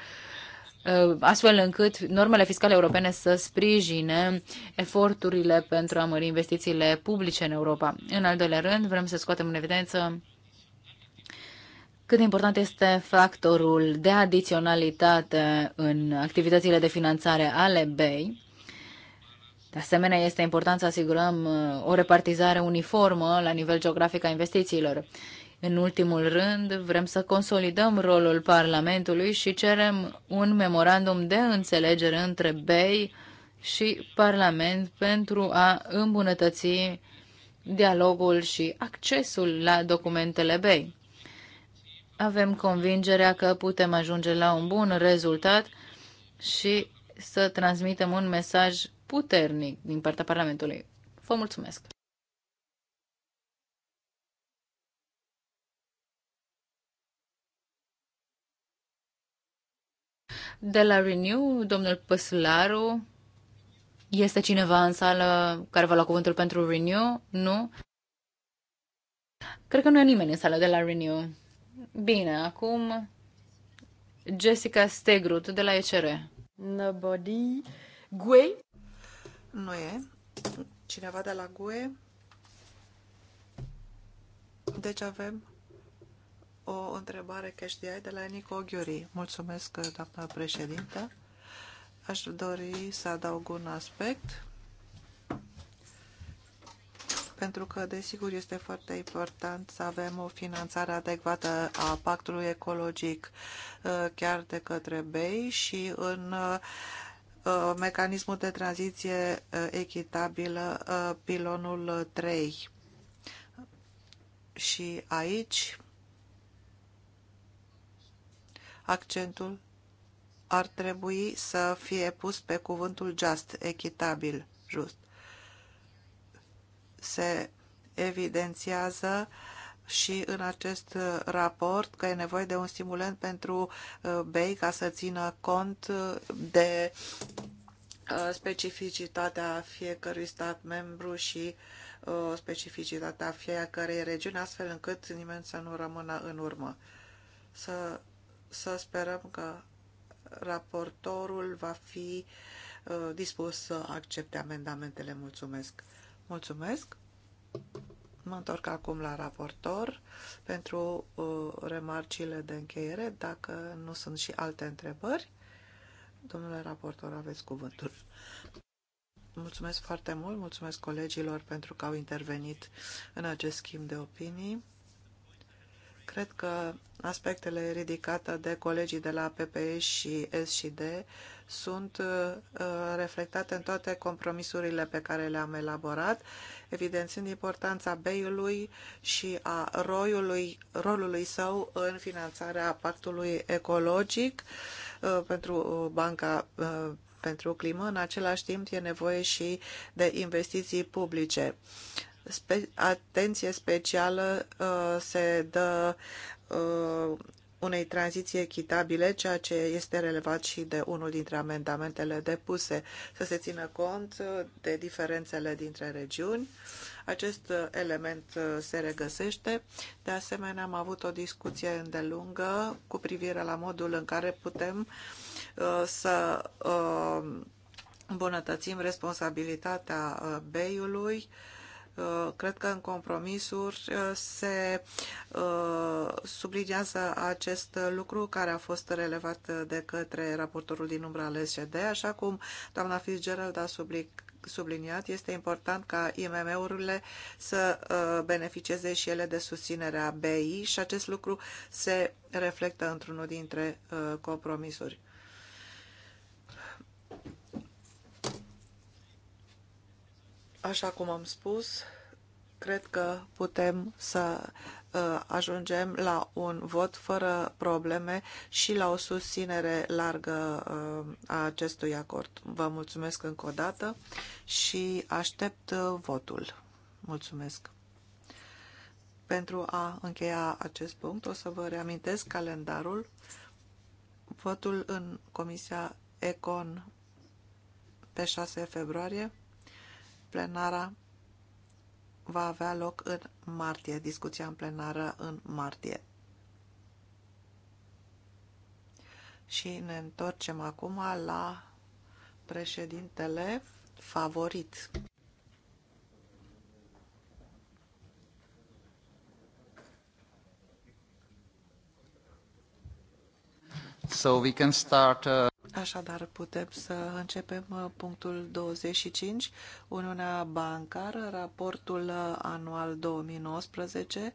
Uh, astfel încât normele fiscale europene să sprijine eforturile pentru a mări investițiile publice în Europa. În al doilea rând, vrem să scoatem în evidență cât de important este factorul de adiționalitate în activitățile de finanțare ale BEI. De asemenea, este important să asigurăm uh, o repartizare uniformă la nivel geografic a investițiilor. În ultimul rând, vrem să consolidăm rolul Parlamentului și cerem un memorandum de înțelegere între BEI și Parlament pentru a îmbunătăți dialogul și accesul la documentele BEI. Avem convingerea că putem ajunge la un bun rezultat și să transmitem un mesaj puternic din partea Parlamentului. Vă mulțumesc! De la Renew, domnul Păslaru, este cineva în sală care va lua cuvântul pentru Renew? Nu? Cred că nu e nimeni în sală de la Renew. Bine, acum Jessica Stegrut de la ECR. Nobody. Gue? Nu e. Cineva de la Gue? Deci avem o întrebare cash de la Nico Ghiuri. Mulțumesc, doamna președintă. Aș dori să adaug un aspect pentru că, desigur, este foarte important să avem o finanțare adecvată a pactului ecologic uh, chiar de către BEI și în uh, mecanismul de tranziție uh, echitabilă, pilonul 3. Și aici accentul ar trebui să fie pus pe cuvântul just, echitabil, just. Se evidențiază și în acest raport că e nevoie de un stimulant pentru uh, BEI ca să țină cont uh, de uh, specificitatea fiecărui stat membru și specificitatea fiecărei regiuni, astfel încât nimeni să nu rămână în urmă. Să să sperăm că raportorul va fi uh, dispus să accepte amendamentele. Mulțumesc! Mulțumesc! Mă întorc acum la raportor pentru uh, remarcile de încheiere. Dacă nu sunt și alte întrebări, domnule raportor, aveți cuvântul. Mulțumesc foarte mult, mulțumesc colegilor pentru că au intervenit în acest schimb de opinii. Cred că aspectele ridicate de colegii de la PPE și SCD sunt uh, sunt reflectate în toate compromisurile pe care le-am elaborat, evidențând importanța BEI-ului și a rolului, rolului său în finanțarea pactului ecologic uh, pentru Banca uh, pentru Climă. În același timp, e nevoie și de investiții publice spe atenție specială uh, se dă uh, unei tranziții echitabile, ceea ce este relevat și de unul dintre amendamentele depuse, să se țină cont uh, de diferențele dintre regiuni. Acest uh, element uh, se regăsește. De asemenea, am avut o discuție îndelungă cu privire la modul în care putem uh, să uh, îmbunătățim responsabilitatea BEI-ului uh, Uh, cred că în compromisuri uh, se uh, subliniază acest lucru care a fost relevat de către raportorul din umbra al SCD, așa cum doamna Fitzgerald a sublic subliniat, este important ca IMM-urile să beneficieze și ele de susținerea BI și acest lucru se reflectă într-unul dintre compromisuri. Așa cum am spus, cred că putem să uh, ajungem la un vot fără probleme și la o susținere largă uh, a acestui acord. Vă mulțumesc încă o dată și aștept uh, votul. Mulțumesc. Pentru a încheia acest punct, o să vă reamintesc calendarul. Votul în Comisia Econ pe 6 februarie Plenara va avea loc în martie, discuția în plenară în martie. Și ne întorcem acum la președintele favorit. So we can start, uh... Așadar, putem să începem uh, punctul 25, Uniunea Bancară, raportul uh, anual 2019,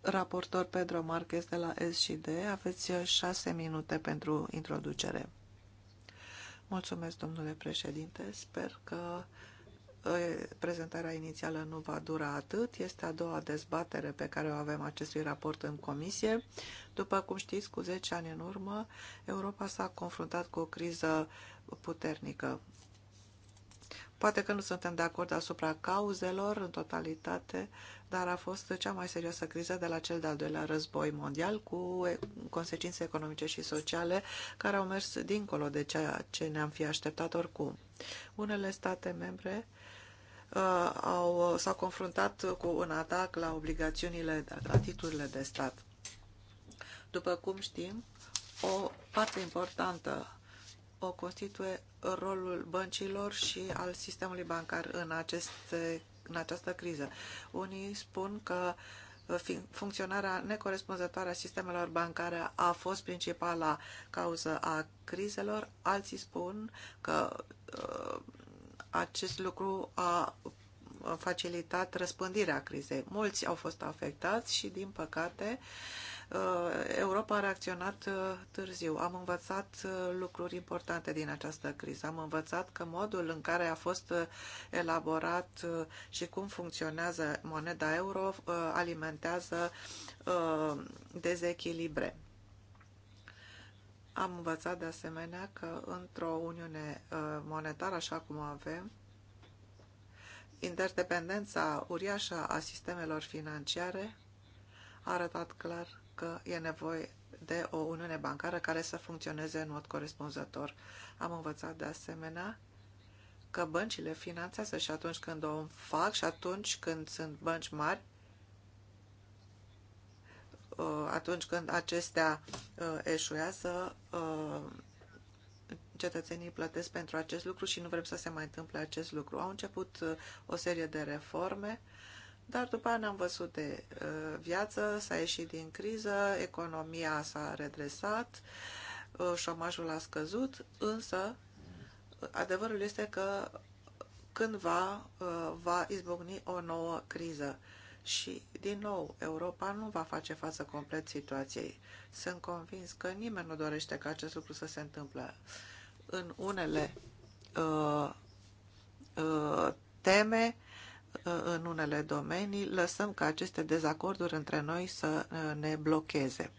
raportor Pedro Marquez de la SCD. Aveți uh, șase minute pentru introducere. Mulțumesc, domnule președinte. Sper că prezentarea inițială nu va dura atât. Este a doua dezbatere pe care o avem acestui raport în comisie. După cum știți, cu 10 ani în urmă, Europa s-a confruntat cu o criză puternică. Poate că nu suntem de acord asupra cauzelor în totalitate, dar a fost cea mai serioasă criză de la cel de-al doilea război mondial, cu consecințe economice și sociale care au mers dincolo de ceea ce ne-am fi așteptat oricum. Unele state membre Uh, au, uh, s-au confruntat cu un atac la obligațiunile, la titlurile de stat. După cum știm, o parte importantă o constituie rolul băncilor și al sistemului bancar în, aceste, în această criză. Unii spun că uh, funcționarea necorespunzătoare a sistemelor bancare a fost principala cauză a crizelor, alții spun că acest lucru a facilitat răspândirea crizei. Mulți au fost afectați și, din păcate, ă, Europa a reacționat ă, târziu. Am învățat ă, lucruri importante din această criză. Am învățat că modul în care a fost elaborat și cum funcționează moneda euro alimentează dezechilibre. Am învățat de asemenea că într-o uniune uh, monetară așa cum avem, interdependența uriașă a sistemelor financiare a arătat clar că e nevoie de o uniune bancară care să funcționeze în mod corespunzător. Am învățat de asemenea că băncile finanțează și atunci când o fac și atunci când sunt bănci mari, Uh, atunci când acestea uh, eșuează, uh, cetățenii plătesc pentru acest lucru și nu vrem să se mai întâmple acest lucru. Au început o serie de reforme, dar după aia ne-am văzut de viață, s-a ieșit din criză, economia s-a redresat, șomajul a scăzut, însă adevărul este că cândva va izbucni o nouă criză și, din nou, Europa nu va face față complet situației. Sunt convins că nimeni nu dorește ca acest lucru să se întâmple. În unele uh, uh, teme, uh, în unele domenii, lăsăm ca aceste dezacorduri între noi să uh, ne blocheze.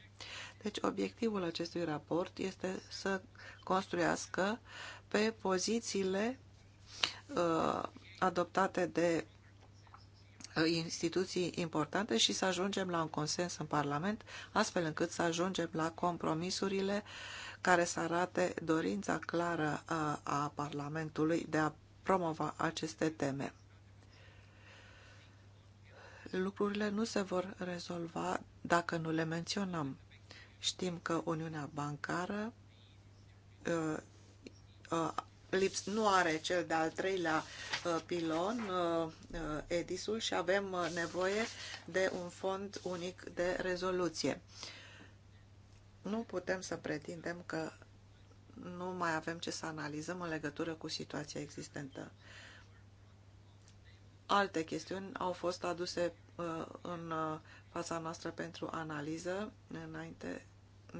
Deci, obiectivul acestui raport este să construiască pe pozițiile uh, adoptate de instituții importante și să ajungem la un consens în Parlament, astfel încât să ajungem la compromisurile care să arate dorința clară a Parlamentului de a promova aceste teme. Lucrurile nu se vor rezolva dacă nu le menționăm. Știm că Uniunea Bancară lips, nu are cel de-al treilea uh, pilon, uh, uh, EDIS-ul, și avem nevoie de un fond unic de rezoluție. Nu putem să pretindem că nu mai avem ce să analizăm în legătură cu situația existentă. Alte chestiuni au fost aduse în fața noastră pentru analiză înainte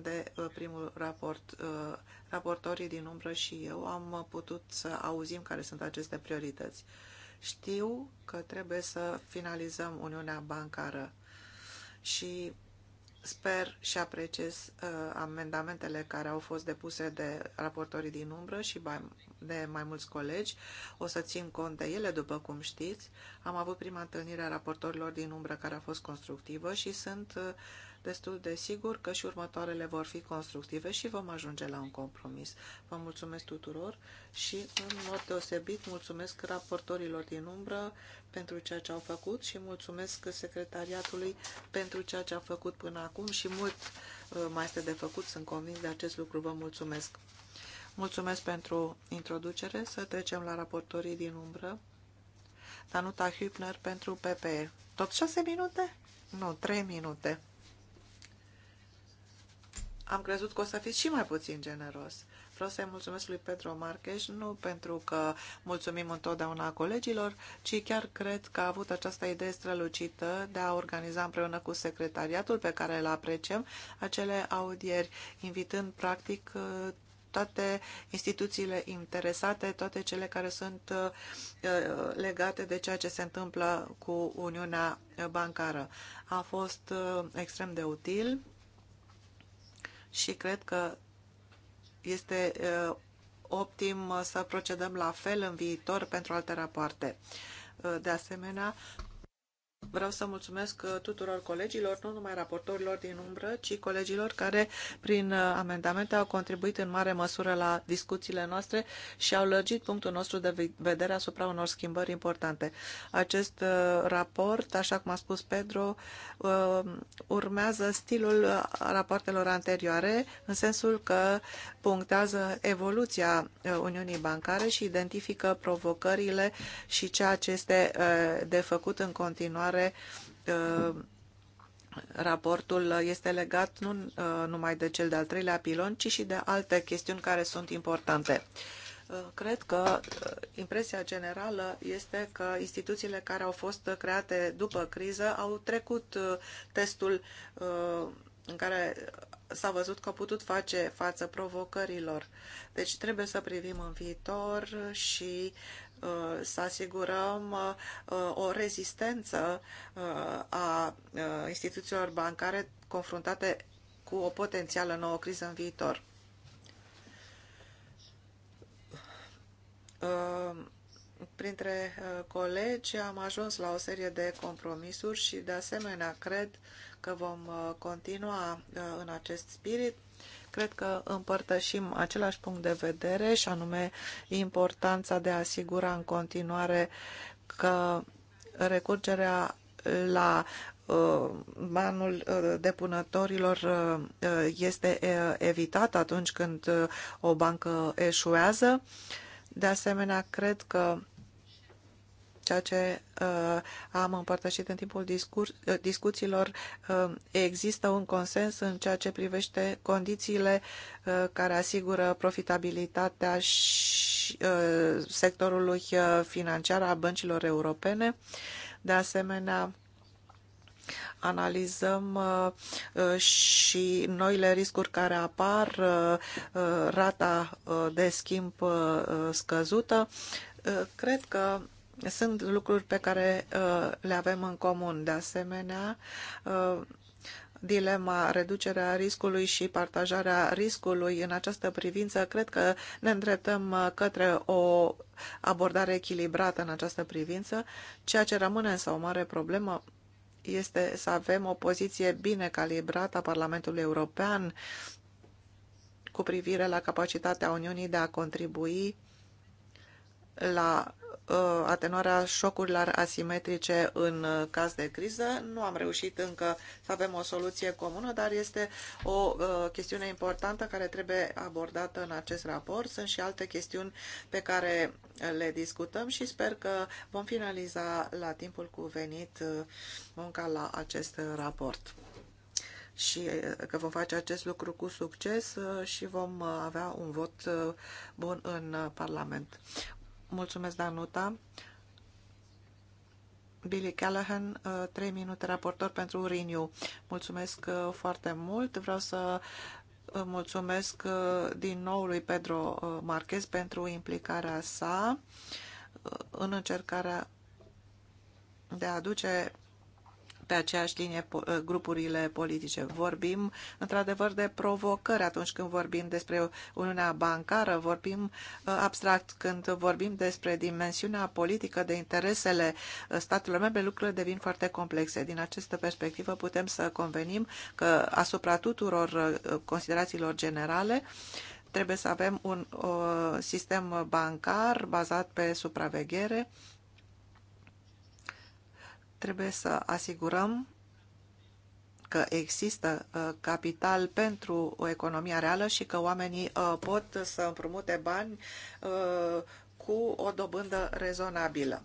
de uh, primul raport. Uh, raportorii din umbră și eu am putut să auzim care sunt aceste priorități. Știu că trebuie să finalizăm Uniunea Bancară și sper și apreciez uh, amendamentele care au fost depuse de raportorii din umbră și de mai mulți colegi. O să țin cont de ele, după cum știți. Am avut prima întâlnire a raportorilor din umbră care a fost constructivă și sunt uh, destul de sigur că și următoarele vor fi constructive și vom ajunge la un compromis. Vă mulțumesc tuturor și, în mod deosebit, mulțumesc raportorilor din umbră pentru ceea ce au făcut și mulțumesc secretariatului pentru ceea ce a făcut până acum și mult uh, mai este de făcut, sunt convins de acest lucru. Vă mulțumesc! Mulțumesc pentru introducere. Să trecem la raportorii din umbră. Danuta Hübner pentru PPE. Tot șase minute? Nu, trei minute am crezut că o să fiți și mai puțin generos. Vreau să-i mulțumesc lui Pedro Marcheș, nu pentru că mulțumim întotdeauna colegilor, ci chiar cred că a avut această idee strălucită de a organiza împreună cu secretariatul pe care îl apreciem acele audieri, invitând practic toate instituțiile interesate, toate cele care sunt uh, uh, legate de ceea ce se întâmplă cu Uniunea Bancară. A fost uh, extrem de util și cred că este uh, optim uh, să procedăm la fel în viitor pentru alte rapoarte. Uh, de asemenea, Vreau să mulțumesc uh, tuturor colegilor, nu numai raportorilor din umbră, ci colegilor care prin uh, amendamente au contribuit în mare măsură la discuțiile noastre și au lărgit punctul nostru de vedere asupra unor schimbări importante. Acest uh, raport, așa cum a spus Pedro, urmează stilul rapoartelor anterioare, în sensul că punctează evoluția Uniunii Bancare și identifică provocările și ceea ce este de făcut în continuare care uh, raportul este legat nu uh, numai de cel de-al treilea pilon, ci și de alte chestiuni care sunt importante. Uh, cred că impresia generală este că instituțiile care au fost create după criză au trecut testul în care s-a văzut că au putut face față provocărilor. Deci trebuie să privim în viitor și Uh, să asigurăm uh, o rezistență uh, a instituțiilor bancare confruntate cu o potențială nouă criză în viitor. Printre colegi am ajuns la o serie de compromisuri și de asemenea cred că vom continua în acest spirit Cred că împărtășim același punct de vedere și anume importanța de a asigura în continuare că recurgerea la uh, banul uh, depunătorilor uh, este evitat atunci când o bancă eșuează. De asemenea, cred că ceea ce uh, am împărtășit în timpul discurs, uh, discuțiilor, uh, există un consens în ceea ce privește condițiile care asigură profitabilitatea și sectorului financiar a băncilor europene. De asemenea, analizăm și noile riscuri care apar, rata de schimb scăzută. Cred că sunt lucruri pe care uh, le avem în comun. De asemenea, uh, dilema reducerea riscului și partajarea riscului în această privință, cred că ne îndreptăm uh, către o abordare echilibrată în această privință. Ceea ce rămâne însă o mare problemă este să avem o poziție bine calibrată a Parlamentului European cu privire la capacitatea Uniunii de a contribui la Uh, atenuarea șocurilor asimetrice în uh, caz de criză. Nu am reușit încă să avem o soluție comună, dar este o uh, chestiune importantă care trebuie abordată în acest raport. Sunt și alte chestiuni pe care le discutăm și sper că vom finaliza la timpul cuvenit munca la acest raport și că vom face acest lucru cu succes și vom avea un vot bun în Parlament. Mulțumesc, Danuta. Billy Callahan, uh, trei minute raportor pentru Renew. Mulțumesc uh, foarte mult. Vreau să uh, mulțumesc din nou lui Pedro Marquez pentru implicarea sa în încercarea de a aduce pe aceeași linie ă, grupurile politice. Vorbim, într-adevăr, de provocări atunci când vorbim despre Uniunea Bancară, vorbim ă, abstract când vorbim despre dimensiunea politică de interesele ă, statelor membre, lucrurile devin foarte complexe. Din această perspectivă putem să convenim că asupra tuturor considerațiilor generale, trebuie să avem un o, sistem bancar bazat pe supraveghere Trebuie să asigurăm că există uh, capital pentru o economie reală și că oamenii uh, pot să împrumute bani uh, cu o dobândă rezonabilă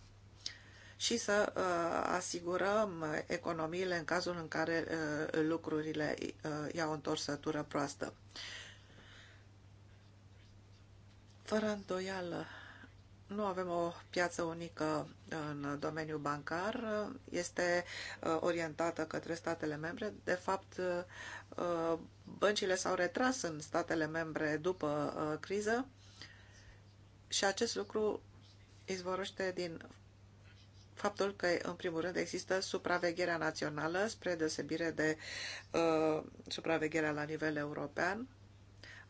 și să asigurăm economiile în cazul în care lucrurile iau o întorsătură proastă. Fără îndoială, nu avem o piață unică în domeniul bancar, este uh, orientată către statele membre. De fapt, uh, băncile s-au retras în statele membre după uh, criză și acest lucru izvorăște din faptul că, în primul rând, există supravegherea națională, spre deosebire de supravegherea la nivel european,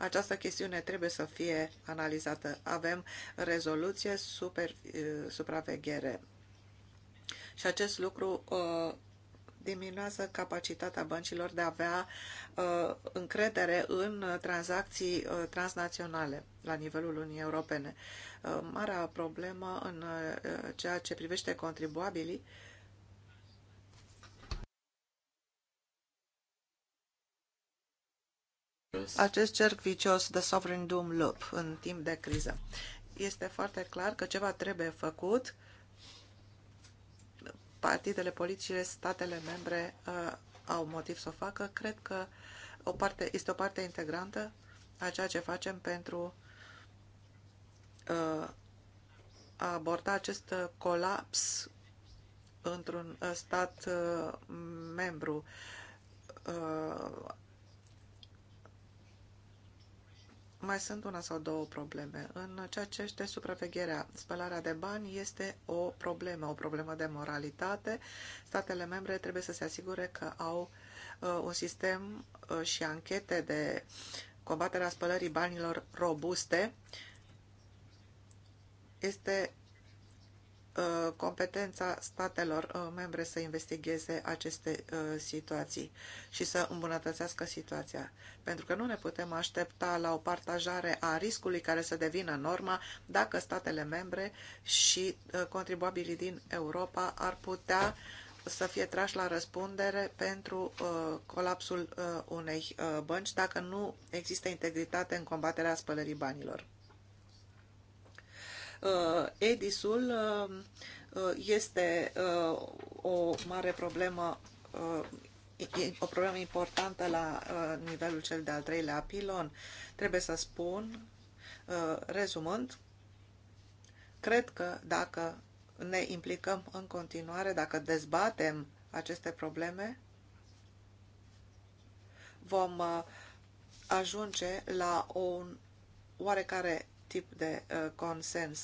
această chestiune trebuie să fie analizată. Avem rezoluție, super, eh, supraveghere. Și acest lucru eh, diminuează capacitatea băncilor de a avea uh, încredere în tranzacții uh, transnaționale la nivelul Uniunii Europene. Uh, marea problemă în uh, ceea ce privește contribuabilii acest cerc vicios de sovereign doom loop în timp de criză. Este foarte clar că ceva trebuie făcut. Partidele politice, statele membre uh, au motiv să o facă. Cred că o parte, este o parte integrantă a ceea ce facem pentru uh, a aborda acest uh, colaps într-un uh, stat uh, membru. Uh, mai sunt una sau două probleme. În ceea ce este supravegherea, spălarea de bani este o problemă, o problemă de moralitate. Statele membre trebuie să se asigure că au uh, un sistem uh, și anchete de combaterea spălării banilor robuste. Este Uh, competența statelor uh, membre să investigheze aceste uh, situații și să îmbunătățească situația. Pentru că nu ne putem aștepta la o partajare a riscului care să devină norma dacă statele membre și contribuabilii din Europa ar putea să fie trași la răspundere pentru colapsul unei bănci dacă nu există integritate în combaterea spălării banilor. Uh, Edisul uh, este uh, o mare problemă o problemă importantă la nivelul cel de-al treilea pilon. Trebuie să spun, rezumând, cred că dacă ne implicăm în continuare, dacă dezbatem aceste probleme, vom ajunge la un oarecare tip de uh, consens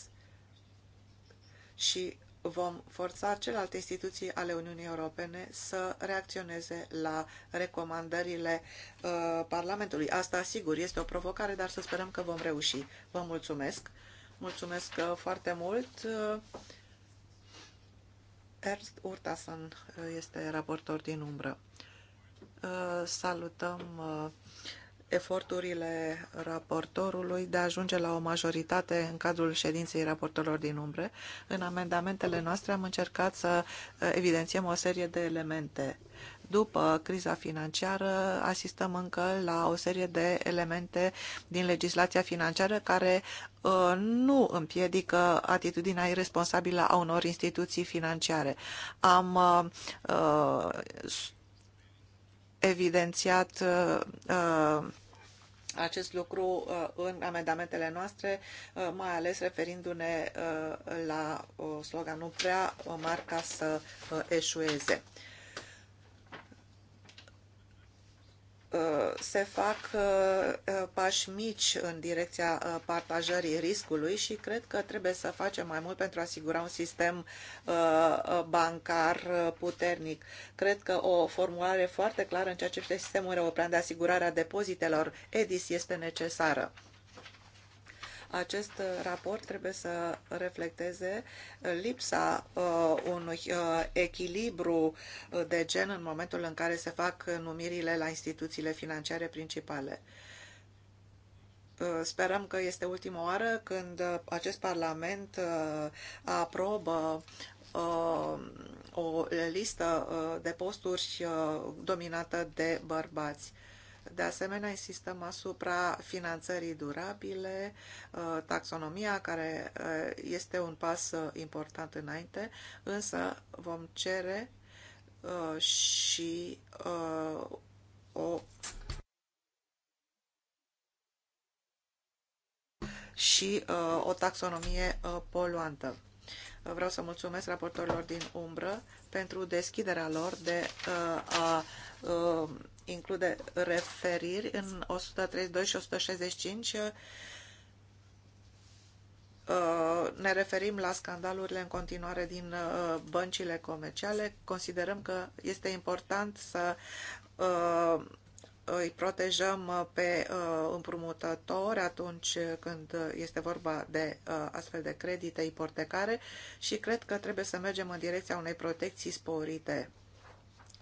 și vom forța celelalte instituții ale Uniunii Europene să reacționeze la recomandările uh, Parlamentului. Asta, sigur, este o provocare, dar să sperăm că vom reuși. Vă mulțumesc! Mulțumesc uh, foarte mult! Ernst Urtasen este raportor din umbră. salutăm uh, eforturile raportorului de a ajunge la o majoritate în cadrul ședinței raportorilor din umbre. În amendamentele noastre am încercat să eh, evidențiem o serie de elemente. După criza financiară, asistăm încă la o serie de elemente din legislația financiară care eh, nu împiedică atitudinea irresponsabilă a unor instituții financiare. Am uh, evidențiat uh, acest lucru uh, în amendamentele noastre, uh, mai ales referindu-ne uh, la sloganul prea marca să eșueze. Uh, se fac uh, uh, pași mici în direcția partajării riscului și cred că trebuie să facem mai mult pentru a asigura un sistem bancar puternic. Cred că o formulare foarte clară în ceea ce privește sistemul european de asigurare a depozitelor, EDIS, este necesară. Acest raport trebuie să reflecteze lipsa uh, unui uh, echilibru de gen în momentul în care se fac numirile la instituțiile financiare principale. Uh, sperăm că este ultima oară când acest Parlament aprobă o listă de posturi dominată de bărbați. De asemenea, insistăm asupra finanțării durabile, uh, taxonomia, care uh, este un pas uh, important înainte, însă vom cere și o și uh, o taxonomie uh, poluantă. Vreau să mulțumesc raportorilor din umbră pentru deschiderea lor de uh, a uh, include referiri în 132 și 165 uh, ne referim la scandalurile în continuare din uh, băncile comerciale. Considerăm că este important să uh, îi protejăm pe împrumutători atunci când este vorba de astfel de credite ipotecare și cred că trebuie să mergem în direcția unei protecții sporite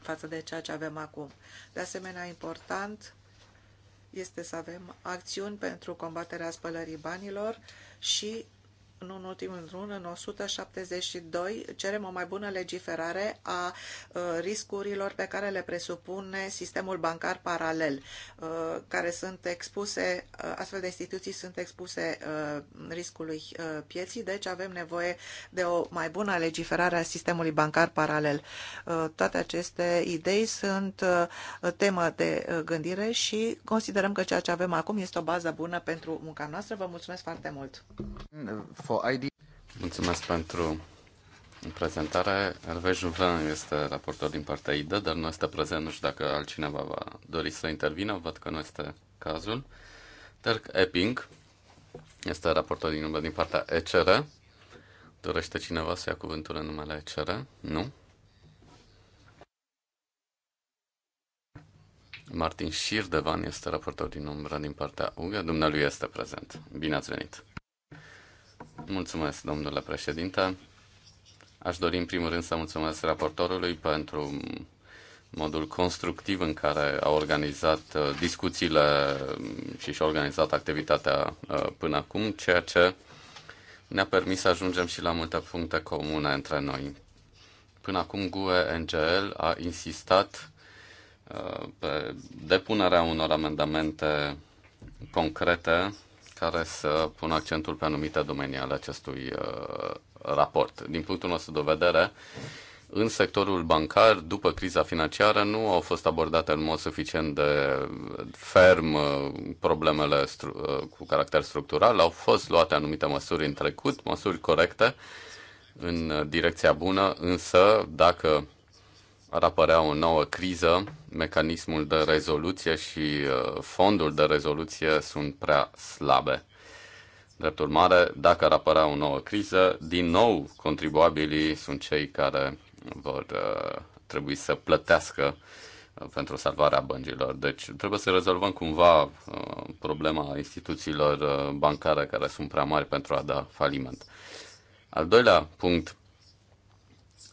față de ceea ce avem acum. De asemenea, important este să avem acțiuni pentru combaterea spălării banilor și nu în ultimul rând, în 172, cerem o mai bună legiferare a uh, riscurilor pe care le presupune sistemul bancar paralel, uh, care sunt expuse, uh, astfel de instituții sunt expuse riscului pieții, deci avem nevoie de o mai bună legiferare a sistemului bancar paralel. Toate aceste idei sunt temă de gândire și considerăm că ceea ce avem acum este o bază bună pentru munca noastră. Vă mulțumesc foarte mult! for ID. Mulțumesc pentru prezentare. Hervé Juvin este raportor din partea ID, dar nu este prezent. Nu știu dacă altcineva va dori să intervină. Văd că nu este cazul. Dirk Epping este raportor din număr din partea ECR. Dorește cineva să ia cuvântul în numele ECR? Nu? Martin Șirdevan este raportor din umbra din partea UGA. Dumnealui este prezent. Bine ați venit! Mulțumesc, domnule președinte. Aș dori în primul rând să mulțumesc raportorului pentru modul constructiv în care a organizat uh, discuțiile și și-a organizat activitatea uh, până acum, ceea ce ne-a permis să ajungem și la multe puncte comune între noi. Până acum GUE NGL a insistat uh, pe depunerea unor amendamente concrete care să pună accentul pe anumite domenii ale acestui uh, raport. Din punctul nostru de vedere, în sectorul bancar, după criza financiară, nu au fost abordate în mod suficient de ferm uh, problemele uh, cu caracter structural. Au fost luate anumite măsuri în trecut, măsuri corecte, în direcția bună, însă dacă ar apărea o nouă criză, mecanismul de rezoluție și uh, fondul de rezoluție sunt prea slabe. Drept urmare, dacă ar apărea o nouă criză, din nou contribuabilii sunt cei care vor uh, trebui să plătească uh, pentru salvarea băncilor. Deci trebuie să rezolvăm cumva problema instituțiilor bancare care sunt prea mari pentru a da faliment. Al doilea punct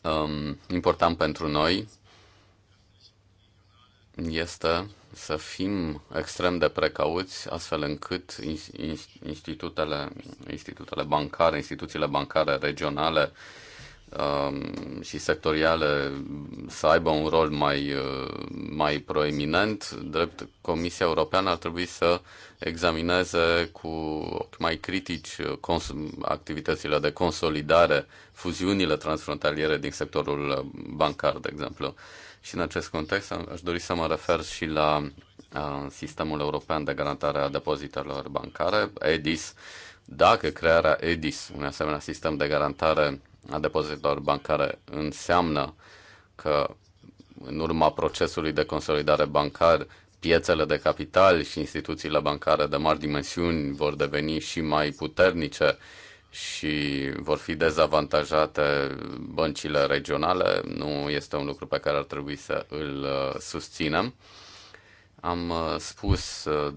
um, important pentru noi este să fim extrem de precauți, astfel încât institutele, institutele bancare, instituțiile bancare regionale um, și sectoriale să aibă un rol mai, uh, mai proeminent, drept Comisia Europeană ar trebui să examineze cu ochi mai critici uh, activitățile de consolidare, fuziunile transfrontaliere din sectorul uh, bancar, de exemplu. Și în acest context aș dori să mă refer și la sistemul european de garantare a depozitelor bancare, EDIS. Dacă crearea EDIS, un asemenea sistem de garantare a depozitelor bancare, înseamnă că în urma procesului de consolidare bancar, piețele de capital și instituțiile bancare de mari dimensiuni vor deveni și mai puternice și vor fi dezavantajate băncile regionale, nu este un lucru pe care ar trebui să îl uh, susținem. Am uh, spus, uh,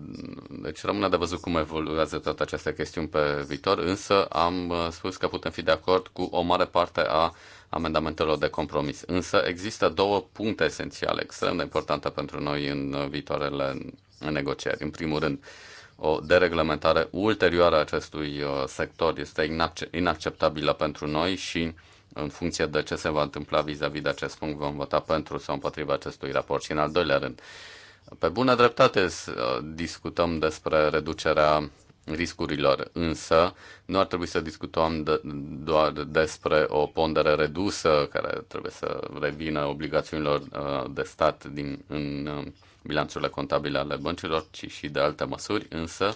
deci rămâne de văzut cum evoluează toată această chestiune pe viitor, însă am spus că putem fi de acord cu o mare parte a amendamentelor de compromis. Însă există două puncte esențiale, extrem de importante pentru noi în viitoarele negocieri. În primul rând, o dereglementare ulterioară a acestui uh, sector este inacceptabilă pentru noi și în funcție de ce se va întâmpla vis-a-vis -vis de acest punct vom vota pentru sau împotriva acestui raport. Și în al doilea rând, pe bună dreptate uh, discutăm despre reducerea riscurilor, însă nu ar trebui să discutăm de, doar despre o pondere redusă care trebuie să revină obligațiunilor uh, de stat din, în bilanțurile contabile ale băncilor, ci și de alte măsuri, însă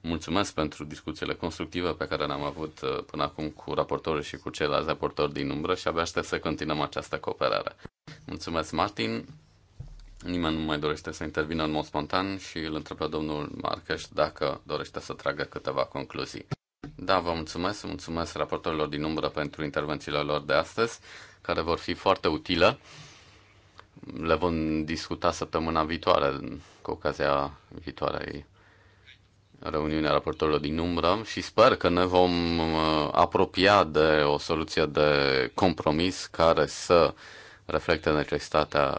mulțumesc pentru discuțiile constructive pe care le-am avut uh, până acum cu raportorul și cu ceilalți raportori din umbră și abia aștept să continuăm această cooperare. Mulțumesc, Martin! Nimeni nu mai dorește să intervină în mod spontan și îl întreb pe domnul Marcheș dacă dorește să tragă câteva concluzii. Da, vă mulțumesc, mulțumesc raportorilor din umbră pentru intervențiile lor de astăzi, care vor fi foarte utile le vom discuta săptămâna viitoare, cu ocazia viitoarei reuniunii a raportorilor din umbră și sper că ne vom uh, apropia de o soluție de compromis care să reflecte necesitatea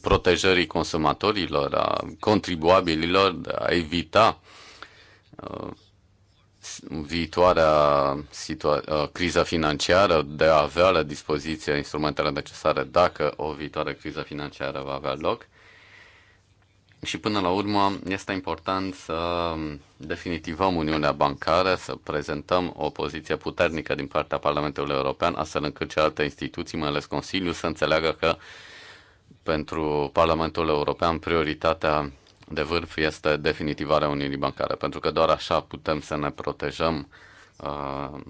protejării consumatorilor, a contribuabililor, de a evita uh, viitoarea situa- uh, criză financiară, de a avea la dispoziție instrumentele necesare dacă o viitoare criză financiară va avea loc. Și până la urmă este important să definitivăm Uniunea Bancară, să prezentăm o poziție puternică din partea Parlamentului European, astfel încât celelalte instituții, mai ales Consiliul, să înțeleagă că pentru Parlamentul European prioritatea de vârf este definitivarea Uniunii Bancare, pentru că doar așa putem să ne protejăm uh,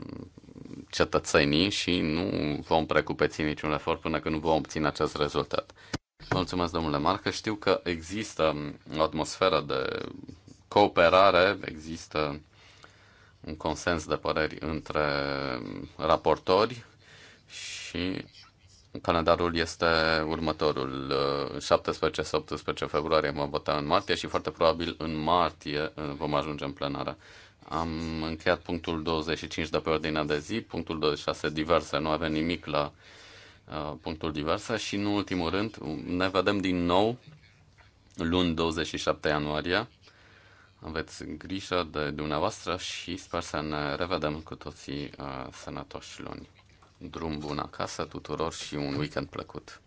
cetățenii și nu vom precupeți niciun efort până când nu vom obține acest rezultat. Mulțumesc, domnule Marcă. Știu că există o atmosferă de cooperare, există un consens de păreri între raportori și calendarul este următorul. 17-18 uh, februarie mă vota în martie și foarte probabil în martie uh, vom ajunge în plenară. Am încheiat punctul 25 de pe ordinea de zi, punctul 26 diverse, nu avem nimic la uh, punctul diverse și, în ultimul rând, um, ne vedem din nou luni 27 ianuarie. Aveți grijă de dumneavoastră și sper să ne revedem cu toții uh, sănătoși luni drum bun acasă tuturor și un weekend plăcut!